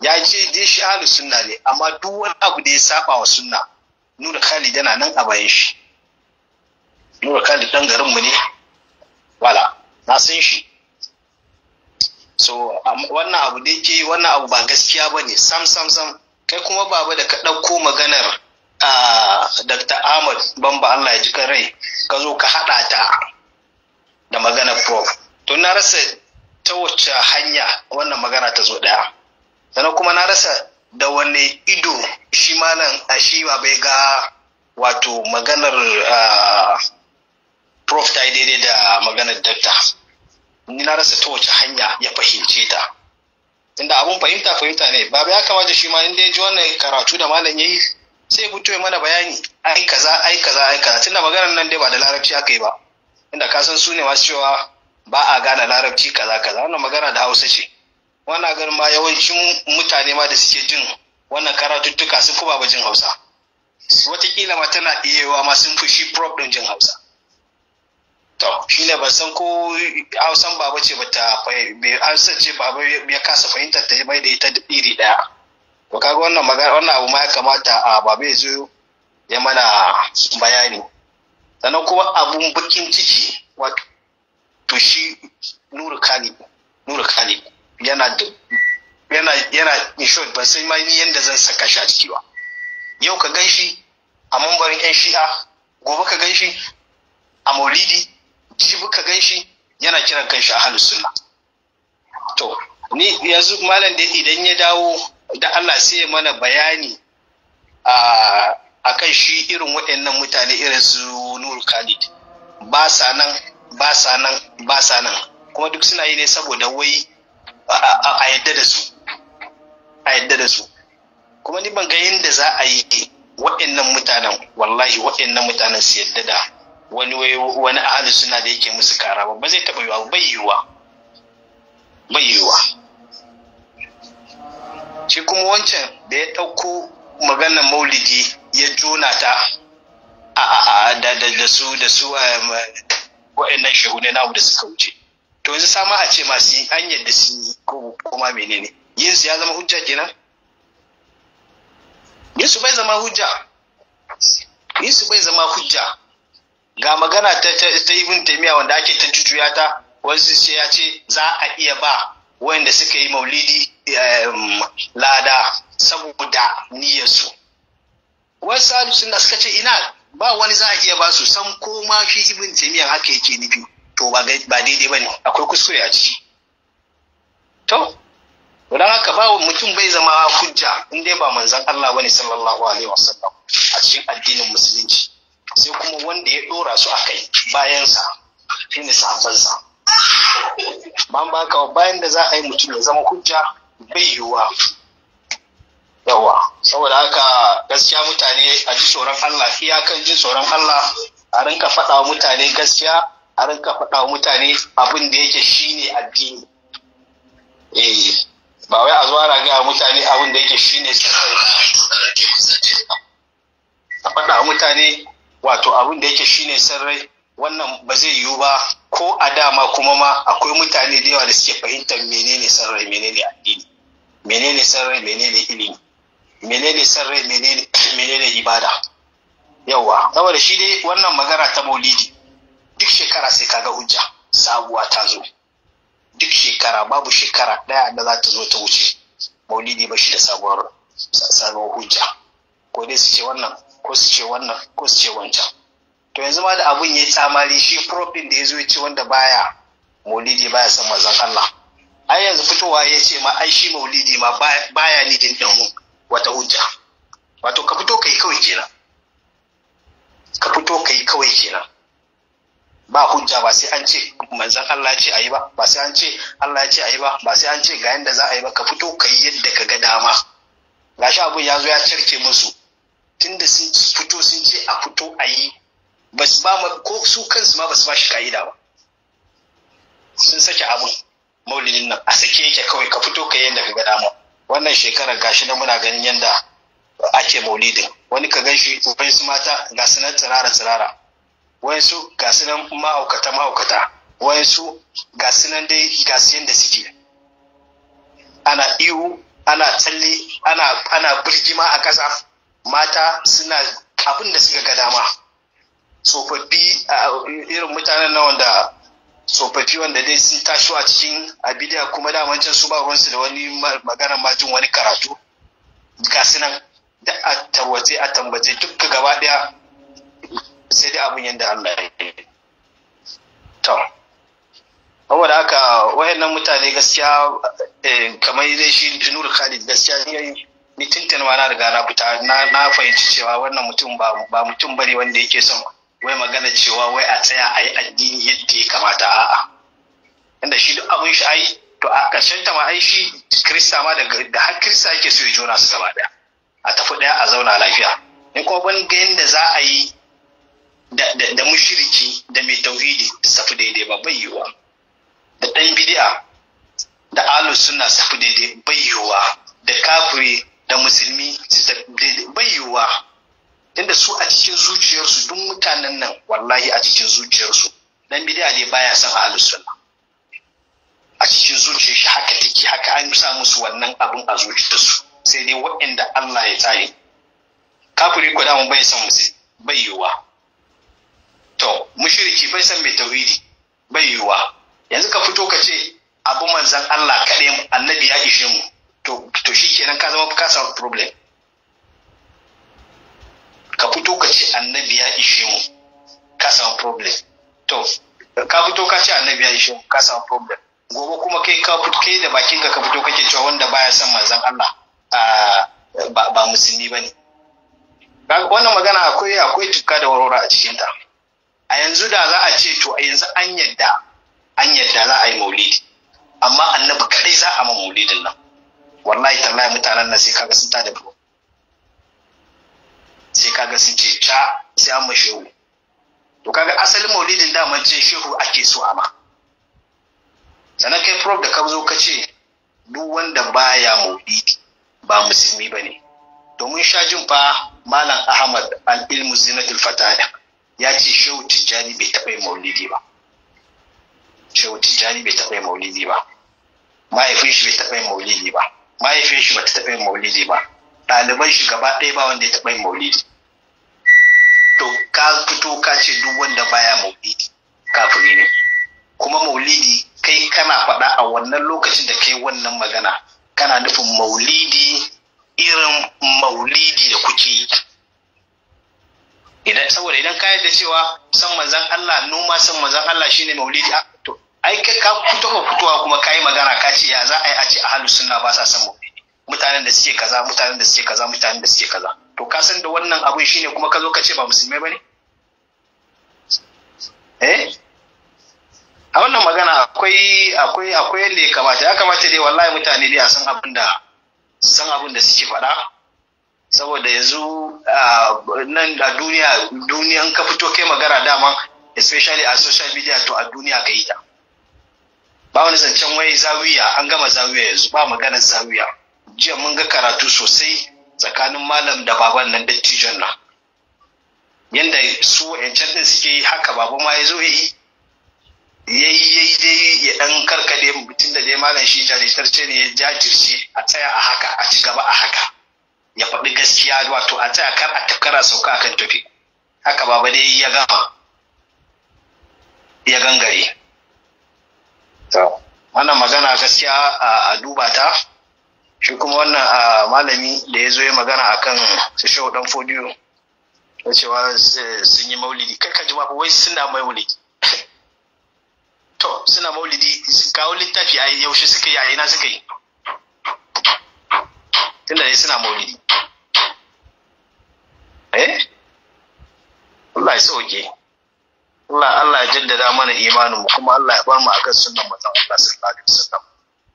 ya ce dai shi ahlu sunna ne amma duk wani abu da ya saba wa sunna nuru khalid yana nan a bayan shi nuru khalid dan garin mu ne wala na san shi so wannan abu da yake wannan abu ba gaskiya bane sam sam sam kai kuma baba da ka ɗauko maganar Dr. Ahmad Bamba Allah ya ji rai ka zo ka haɗa ta da magana prof. To na rasa ta wacce hanya wannan magana ta zo ɗaya. Sannan kuma na rasa da wanne ido shi malam a shi ba bai ga wato maganar prof ta yi daidai da maganar dakta. Ni na rasa ta wacce hanya ya fahimce ta. Inda abun fahimta fahimta ne, ba ya kamata shi ma inda ya ji wannan karatu da malam ya yi sai fito mana bayani ai kaza ai kaza ai kaza tunda maganar nan dai ba da larabci aka yi ba inda ka san su ne masu cewa ba a gane larabci kaza kaza wannan magana da hausa ce wannan ganin ma yawancin mutane ma da suke jin wannan karatuttuka sun fi ba jin hausa watakila ma tana iyewa ma sun fi shi prop din jin hausa to shi ne ban san ko hausan baba ce ba ta bai an ya kasa fahimtar ta bai da ita iri daya to kaga wannan magana wannan abu ma ya kamata a babu ya zo ya mana bayani sannan kuma abun bakin ciki wato to shi nuru kani nuru kani yana yana yana in short ban sai ma ni yanda zan saka shi a ciki ba yau ka ganshi a mambarin yan shi'a gobe ka ganshi a maulidi jibi ka ganshi yana kiran kanshi a halin sunna to ni yanzu malam da idan ya dawo da Allah sai mana bayani a kan shi irin waɗannan mutane irin su Nur Khalid ba sa nan ba sa nan ba sa nan kuma duk suna yi ne saboda wai a yadda da su a yadda da su kuma ni ban ga yadda za a yi waɗannan mutanen wallahi waɗannan mutanen su yadda da wani wani ahalin suna da yake musu kara ba zai taɓa yiwa bai yiwa bai yiwa shi kuma wancan da ya ɗauko maganar maulidi ya jona ta a da da su da su wa'annan shehune namu da suka wuce to yanzu sama a ce masu an yadda su yi ko kuma menene yin su ya zama hujja kenan yin su bai zama hujja yin su bai zama hujja ga magana ta ta ibn taymiya wanda ake ta jujuya ta wasu sai ya ce za a iya ba wanda suka yi maulidi lada saboda niyyarsu wasu alisun suna suka ce ina ba wani za a iya ba su san ko ma shi ibn haka yake biyu? to ba daidai ba ne akwai kuskure a ciki to don haka ba mutum bai zama hujja in dai ba manzan Allah bane sallallahu alaihi wasallam a cikin addinin musulunci sai kuma wanda ya ɗora su akai bayan sa shine sahabban sa ban baka bayan da za a yi mutum ya zama hujja bai yiwuwa yawa saboda haka gaskiya mutane a ji tsoron Allah iyakan jin tsoron Allah a rinka faɗa wa mutane gaskiya a rinka faɗa wa mutane abin da yake shine addini eh ba wai a zuwa ga mutane abin da yake shine a faɗa wa mutane wato abin da yake shine sarrai wannan ba zai yiwu ba ko a dama kuma ma akwai mutane da yawa da suke fahimtar menene sarrai menene addini menene sarrai menene ilimi menene sarrai menene menene ibada yawa saboda shi dai wannan magana ta maulidi duk shekara sai kaga hujja sabuwa ta zo duk shekara babu shekara ɗaya da za ta zo ta wuce maulidi ba shi da sabuwar sabuwar hujja ko dai su ce wannan ko su ce wannan ko su ce wancan to yanzu ma da abun ya yi tsamari shi profin da ya zo ya ce wanda baya maulidi baya son mazan Allah ai yanzu fitowa ya ce ma ai shi maulidi ma baya nidin ɗin wata hujja wato ka fito kai kawai kenan ka fito kai kawai kenan ba hujja ba sai an ce manzan Allah ce ayi ba ba sai an ce Allah ce ayi ba ba sai an ce ga yanda za a yi ba ka fito kai yadda ka ga dama gashi abun ya zo ya cirke musu tunda sun fito sun ce a fito ayi ba ba ko su kansu ma ba su ba shi ka'ida ba sun sake abun maulidin nan a sake yake kawai ka fito ka yanda ka ga dama wannan shekarar gashi na muna ganin yanda ake maulidin wani ka gan shi su mata ga su nan tsirara tsirara su ga su nan ma'aukata ma'aukata su ga su nan dai ga su yanda suke ana ihu ana tsalle ana ana birgima a ƙasa mata suna abin da suka ga dama tsofaffi irin mutanen nan wanda tsofaffi wanda dai sun tashi a cikin abidiya kuma da can su ba ruwansu da wani magana majin wani karatu ga su nan da a tarwace a tambace duka gaba daya sai dai abin yadda Allah ya yi to saboda haka wayannan mutane gaskiya eh, kamar zai shi Nur Khalid gaskiya ni tuntun ma na riga na fita na fahimci cewa wannan mutum ba mutum bane wanda yake son wai magana cewa wai a tsaya a yi addini yadda ya kamata a'a inda shi duk abin shi ai to a ƙarshen ta ma ai shi krista ma da har krista yake so ya jona su gaba ɗaya a tafi ɗaya a zauna lafiya in kuma ban ga yadda za a yi da mushiriki da mai tauhidi safi daidai ba bai yiwuwa da ɗan bidi'a da alu suna safi daidai bai yiwuwa da kafiri da musulmi su bai yiwuwa tunda su a cikin zuciyarsu duk mutanen nan wallahi a cikin zuciyarsu dan bid'a ne baya son ahlus sunna a cikin zuciyar shi haka take haka an sa musu wannan abun a zuciyarsu sai dai waɗanda Allah ya tsare kafiri ko da mun bai son musu bai yiwa to mushriki bai san mai tauhidi bai yiwa yanzu ka fito ka ce abu manzan Allah kaɗai annabi ya ishe mu to to shikenan ka zama ka samu problem ka fito ka ce annabi ya ishe mu ka samu problem to ka fito ka ce annabi ya ishe mu ka samu problem gobe kuma kai ka fito kai da bakin ka ka fito kake cewa wanda baya son manzon Allah ba ba musulmi bane wannan magana akwai akwai tukka da warwara a cikin ta a yanzu da za a ce to a yanzu an yadda an yadda za a yi maulidi amma annabi kadai za a ma maulidin nan wallahi tallahi mutanen nan sai kaga sun da sai kaga sun ce ca sai amma shehu to kaga asalin maulidin dama ce shehu ake so ama sannan kai prof da ka zo ka ce duk wanda baya maulidi ba musulmi ba ne domin shajin fa malam ahmad al-ilmu zinatul fatada ya ce shehu tijjani bai taɓa maulidi ba shehu tijjani bai taɓa maulidi ba mahaifin shi bai taɓa maulidi ba mahaifin shi bai taɓa maulidi ba ɗaliban shi gaba ɗaya ba wanda ya taɓa maulidi to ka fito ka ce duk wanda baya maulidi kafiri ne kuma maulidi kai kana faɗa a wannan lokacin da kai wannan magana kana nufin maulidi irin maulidi da kuke yi idan saboda idan ka yadda cewa san manzan Allah noma san manzan Allah shine maulidi ah, to ai ka fito ka fitowa kuma kai magana ka ce ya za a yi a ce ahlus sunna ba sa san maulidi mutanen da suke kaza mutanen da suke kaza mutanen da suke kaza to ka san da wannan abun shine kuma ka zo ka ce ba musulmai bane eh a wannan magana akwai akwai akwai yadda ya kamata ya kamata dai wallahi mutane dai a san abin da san abin da suke faɗa saboda yanzu nan a duniya duniyan ka fito kai magana dama especially a social media to a duniya ka yi ta ba wani zancen wai zawiya an gama zawiya yanzu ba maganar zawiya jiya mun ga karatu sosai tsakanin malam da baban nan dattijon nan yanda su yancan din suke yi haka babu ma ya zo ya yi yayi ya dai ya dan karkade mutum da dai malam shi ce ne ya jajirce a tsaya a haka a ci gaba a haka ya faɗi gaskiya wato a tsaya kar a tafkara sauka akan tafi haka baba dai ya gama ya gangare wannan magana gaskiya a duba ta shi kuma wannan a malami da ya zo ya magana a su shehu dan fodiyo da cewa sun yi maulidi kai ka ji ba wai suna maulidi to suna maulidi kawo littafi a yaushe suka yi a ina suka yi tunda ne suna maulidi eh Allah ya sauke Allah Allah ya jaddada mana imanin mu kuma Allah ya bar mu akan sunnan manzon Allah sallallahu alaihi wasallam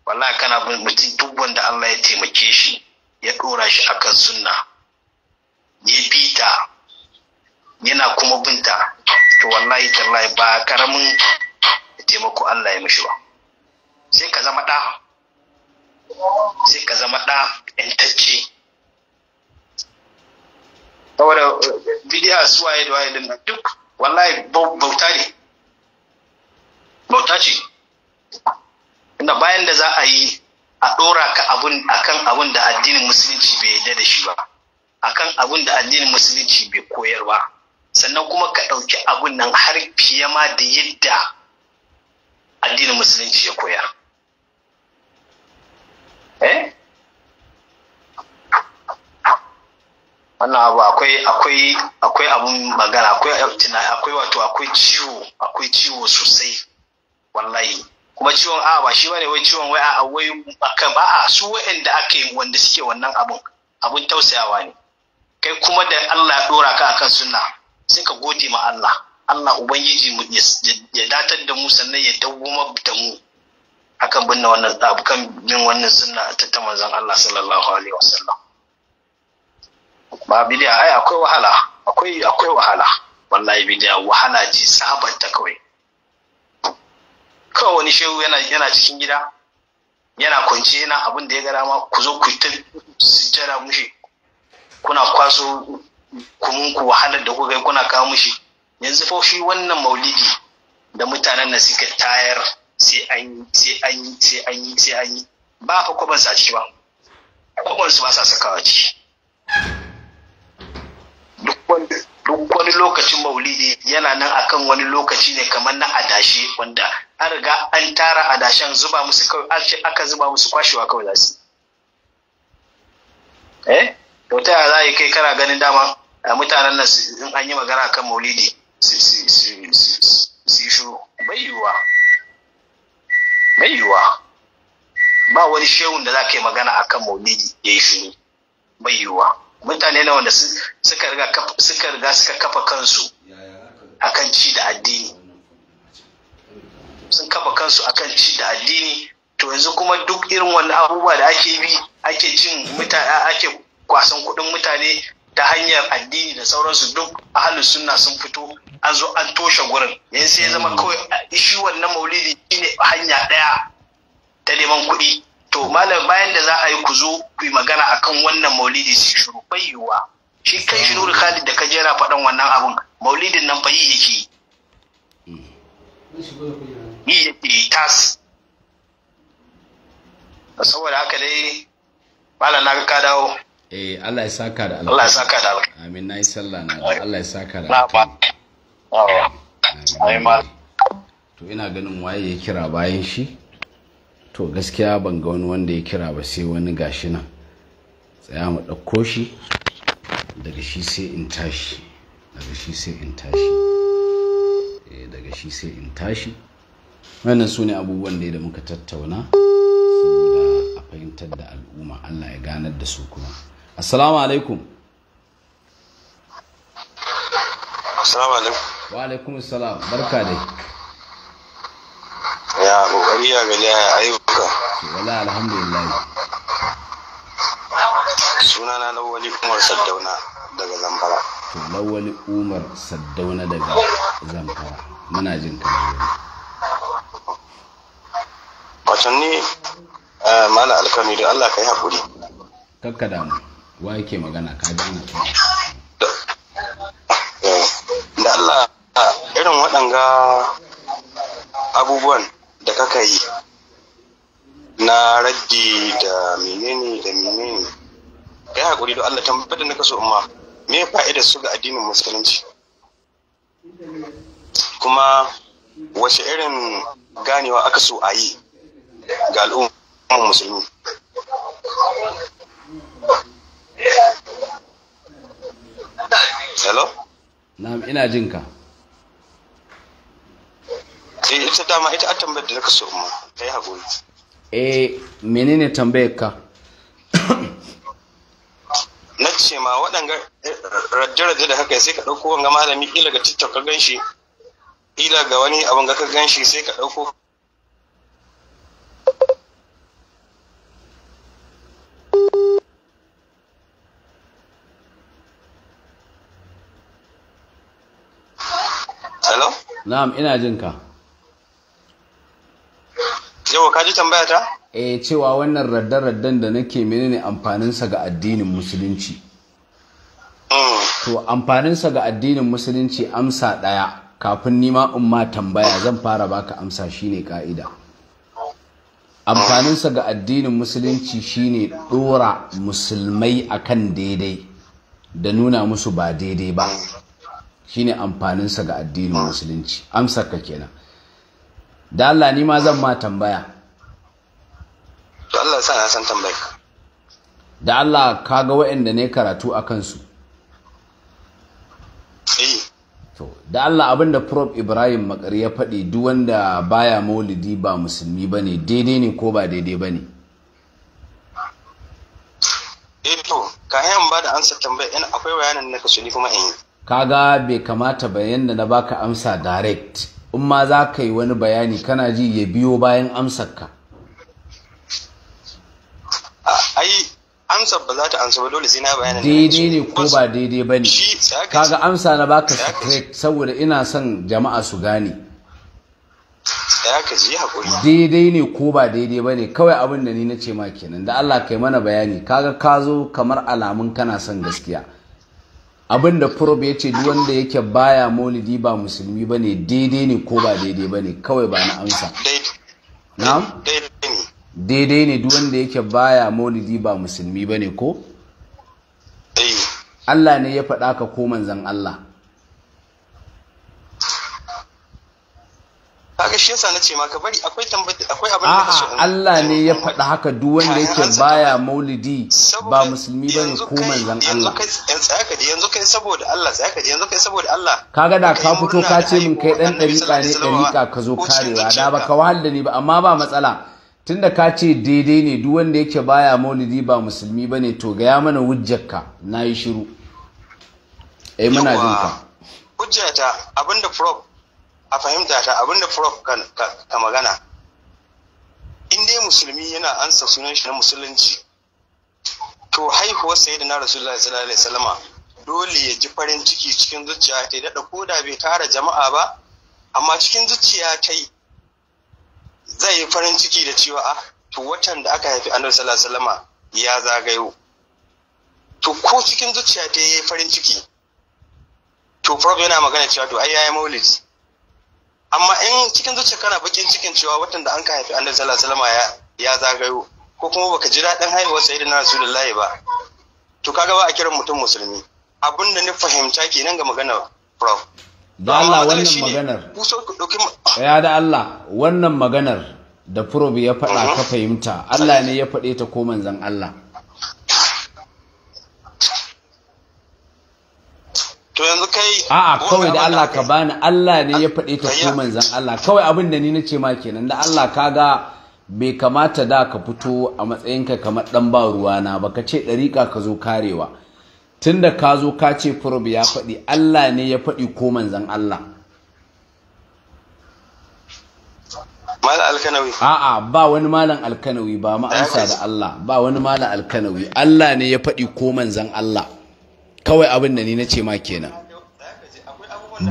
wallahi kana bin mutum duk wanda Allah ya taimake shi ya ɗora shi akan sunna ya bi ta yana kuma bin ta, to wallahi tallahi ba karamin taimako Allah ya mishi ba sai ka zama ɗa sai ka zama ɗa intacce saboda eh, bidiya su waye da waye duk wallahi bauta ne bauta ce tunda bayan da za a yi a ɗora ka abun akan abun da addinin musulunci bai yarda da shi ba akan abun da addinin musulunci bai koyar ba sannan kuma ka ɗauki abun nan har fiye ma da yadda addinin musulunci ya koyar eh? wannan abu akwai akwai akwai abun magana akwai akwai wato akwai ciwo akwai ciwo sosai wallahi kuma ciwon a ba shi bane wai ciwon wai a wai akan ba a su wa'anda aka yi wanda suke wannan abun abun tausayawa ne kai kuma da Allah ya dora ka akan sunna sai ka gode ma Allah Allah ubangiji mu ya datar da mu sannan ya dawwama da mu akan binne wannan kan bin wannan sunna ta ta manzon Allah sallallahu alaihi wasallam ba bidiya ai akwai wahala akwai akwai wahala wallahi bidiya wahala ji sabanta kawai kawai wani shehu yana cikin gida yana kwance yana abin da ya gara ma ku zo ku ta jara mushi kuna kwaso kumunku wahalar da kuka kuna kawo mushi yanzu fa shi wannan maulidi da mutanen nan suka tayar sai an yi, sai an yi, sai an sai an ba fa kwaban sa ciki ba kwaban su ba sa sakawa ciki duk wanda duk wani lokacin maulidi yana nan akan wani lokaci ne kamar na adashe wanda an riga an tara adashen zuba musu kawai aka zuba musu kwashewa kawai za su eh to ta yaya za yi kai kana ganin dama mutanen nan in an yi magana akan maulidi su yi shuru bai yiwuwa bai yiwuwa ba wani shehun da za ka yi magana akan maulidi ya yi shuru bai yiwuwa mutane na wanda suka riga suka riga suka kafa kansu akan ci da addini sun kafa kansu akan ci da addini to yanzu kuma duk irin wani abubuwa da ake bi ake cin mutane ake kwasan kuɗin mutane ta hanyar addini da sauransu duk ahalin sunna sun fito an zo an toshe gurin Yanzu sai ya zama kawai ishi wannan maulidi shine hanya ɗaya ta neman kuɗi to malam bayan da za a yi ku zo ku yi magana akan wannan maulidi sai shuru bai shi kai shi nuri khalid da ka jera faɗan wannan abun maulidin nan bayi yake yi yake tas saboda haka dai malam na ka dawo eh Allah ya saka da Allah. Allah ya saka da Allah. amin na yi sallah na Allah ya saka da Allah. alƙa amin to ina ganin waye ya kira bayan shi to gaskiya ban ga wani wanda ya kira ba sai wani gashi nan tsaya mu ɗauko shi daga shi sai in tashi daga shi sai in tashi Eh daga shi sai in tashi wannan su ne abubuwan da muka tattauna saboda a fahimtar da al'umma allah ya ganar da su kuma assalamu alaikum assalamu alaikum wa alaikum assalam barka dai ya kokari ya gani a yau yake wala alhamdulillah sunana lawali umar saddauna daga zamfara to lawali umar saddauna daga zamfara muna jin ka watanni eh, mala alkami da allah ka yi haƙuri kakka damu wa yake magana ka ji ana eh, da allah irin waɗanga abubuwan da kaka yi na raddi da menene da menene ga ya haƙuri don Allah tambayar da na kaso umma me fa'idar su ga addinin musulunci kuma wace irin ganewa aka so a yi ga al'ummar musulmi hello na'am ina jin ka eh, ita dama ita a tambayar da na kaso umma ta yi haƙuri e menene tambayar ka na ce ma waɗanga eh, rajje da haka sai ka ɗauko wanga malami ila ga tiktok ka gan shi ila ga wani abin ga ka gan shi sai ka ɗauko Na'am ina jin ka. yau ka ji tambaya ta eh cewa wannan raddan-raddan da nake menene amfaninsa ga addinin musulunci mm. to amfaninsa ga addinin musulunci amsa ɗaya kafin nima in ma tambaya zan fara baka amsa shine ka'ida amfaninsa ga addinin musulunci shine ɗora musulmai akan daidai da nuna musu ba daidai ba shine amfaninsa ga addinin musulunci amsa ka kenan da Allah ni ma zan ma tambaya Allah sa na san tambayar da Allah ka ga waɗanda ne karatu a kansu eh. to da Allah abin da Prof Ibrahim Makari ya faɗi duk wanda baya maulidi ba musulmi ba ne, daidai ne ko ba daidai ba ne eh to ka yan ba da ansa tambayar, in akwai bayanin na kasu ni kuma in ga bai kamata bayan da na baka amsa direct in ma za ka yi wani bayani kana ji ya biyo bayan amsarka amsar ba za ta amsa ba dole na bayanin daidai ne ko ba daidai ba ne kaga amsa na baka straight saboda ina son jama'a su gane daidai ne ko ba daidai ba ne kawai abin da ni na ce ma kenan da Allah kai mana bayani kaga ka zo kamar alamun kana son gaskiya abin da ya ce duk wanda yake baya molidi ba musulmi ba ne daidai ne ko ba daidai ba ne kawai ba na amsa na'am daidai ne duk wanda yake baya molidi ba musulmi ba ne ko Allah ne ya faɗa ka ko manzan Allah kaga shi yasa nace maka bari akwai tambayi akwai abin da so Allah ne ya faɗa haka duk wanda yake baya maulidi ba musulmi bane ko manzon Allah eh, yanzu kai saboda Allah tsaya yanzu kai saboda Allah kaga da ka fito ka ce min kai dan dariƙa ne dariƙa ka zo karewa da baka wahala ne ba amma ba matsala tunda ka ce daidai ne duk wanda yake baya maulidi ba musulmi bane to ya mana hujjarka nayi shiru eh muna ka hujjata abinda prof a fahimta ta abinda prof ka magana in dai musulmi yana ansa sunan shi na musulunci to haihuwar sayyidina rasulullahi sallallahu alaihi wasallama dole ya ji farin ciki cikin zuciya ta dada ko da bai tara jama'a ba amma cikin zuciya ta yi. zai yi farin ciki da cewa a ah, to watan da aka haifi annabi sallallahu alaihi wasallama ya zagayo to ko cikin zuciya ta yi farin ciki to prof yana magana cewa to ai yayi maulidi amma in cikin zuciya kana bakin cikin cewa watan da an ka haifi annabi sallallahu alaihi wasallam ya zagayo ko kuma baka ji daɗin haihuwar sayyidina rasulullahi ba to kaga ba a kiran mutum musulmi abin da ni fahimta kenan ga maganar prof da Allah wannan maganar ya da Allah wannan maganar da prof ya faɗa ka mhm. fahimta Allah ne ya faɗe ta ko manzon Allah to yanzu kai a'a kawai da Allah ka bani Allah ne ya faɗe ta ko manzan Allah kawai abin da ni na ce ma kenan da Allah ka ga, bai kamata da ka fito a matsayinka kamar dan ba ruwana ba ka ce ɗariƙa ka zo karewa tunda ka zo ka ce furob ya faɗi Allah ne ya faɗi ko manzan Allah A'a ba wani malam alkanawi ba ma'ansa da Allah ba wani malam alkanawi Allah ne ya faɗi ko manzan Allah. kawai abin da ni na ce ma kenan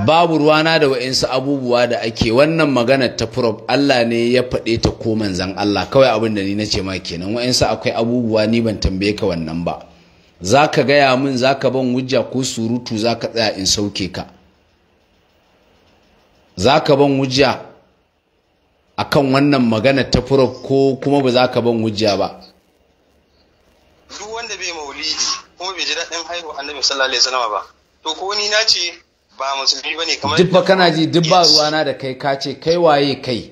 babu ruwana da wa'insu abubuwa da ake wannan magana ta furof Allah ne ya faɗe ta ko manzan Allah kawai abin da ni na ce ma kenan wa'insu akwai abubuwa ni ban tambaye ka wannan ba za ka gaya min za ka ban wujja ko surutu za ka tsaya in sauke ka za ka ban wujja kan wannan magana ta furof ko kuma ba za ka ban wujja ba bai ji daɗin haihuwa annabi sallallahu alaihi wasallam ba to ko ni na ce ba musulmi ba ne kamar dubba kana ji duk ba ruwana da kai ka ce kai waye kai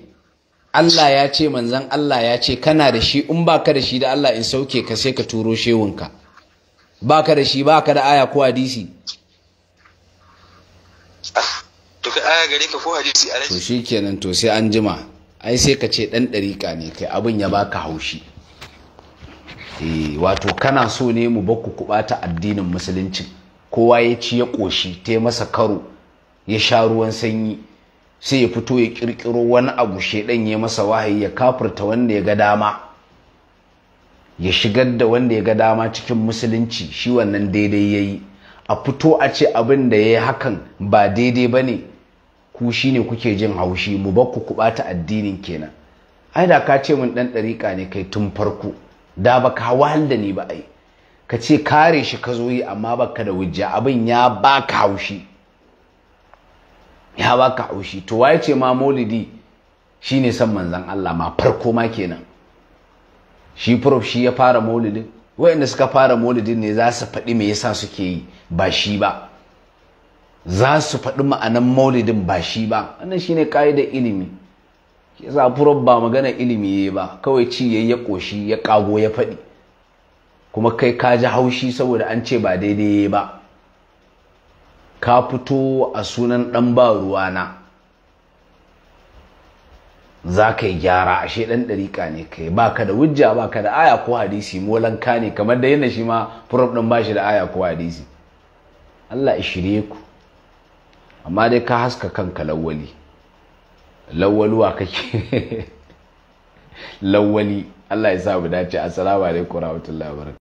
Allah ya ce manzan Allah ya ce kana da shi in ba ka da shi da Allah in sauke ka sai ka turo shewunka ba ka da shi ba ka da aya ko hadisi to ka aya gare ka ko hadisi a rai to shi kenan to sai an jima ai sai ka ce ɗan ɗariƙa ne kai abin ya baka haushi Eh, wato kana so ne mu bakku kubata addinin musulunci kowa ya ci ya koshi ta masa karo ya sha ruwan sanyi sai ya fito ya ƙirƙiro wani abu shedan ya masa wahayi ya kafurta wanda ya ga dama ya shigar da wanda ya dama cikin musulunci shi wannan daidai ya yi a fito a ce abin da ya yi hakan ba daidai ba ne ku shi ne kuke jin haushi mu bakku kubata addinin kenan ai da ka ce mun ɗan ɗariƙa ne kai tun farko da ba baka wahal da ni ba ai ka ce kare shi ka zo yi amma baka da wujja abin ya baka haushi ya baka haushi to waye ce ma maulidi shine san manzon Allah ma farko ma kenan shi prof shi ya fara maulidin wayanda suka fara maulidin ne za su faɗi me yasa suke yi ba shi ba za su faɗi ma'anan maulidin ba shi ba wannan shine ka'idar ilimi yasa furo ba magana ilimi yayi ba kawai ci yayi ya koshi ya kago ya faɗi kuma kai ka ji haushi saboda an ce ba daidai yayi ba ka fito a sunan ɗan ba ruwana za ka yi gyara ashe ɗan ɗariƙa ne kai ba ka da wujja ba ka da aya ko hadisi molanka ne kamar da yana shi ma furof ɗin ba shi da aya ko hadisi Allah ya shirye ku amma dai ka haska kanka lawali lawwaluwa kake lawwali Allah ya sa mu dace assalamu alaikum warahmatullahi wabarakatuh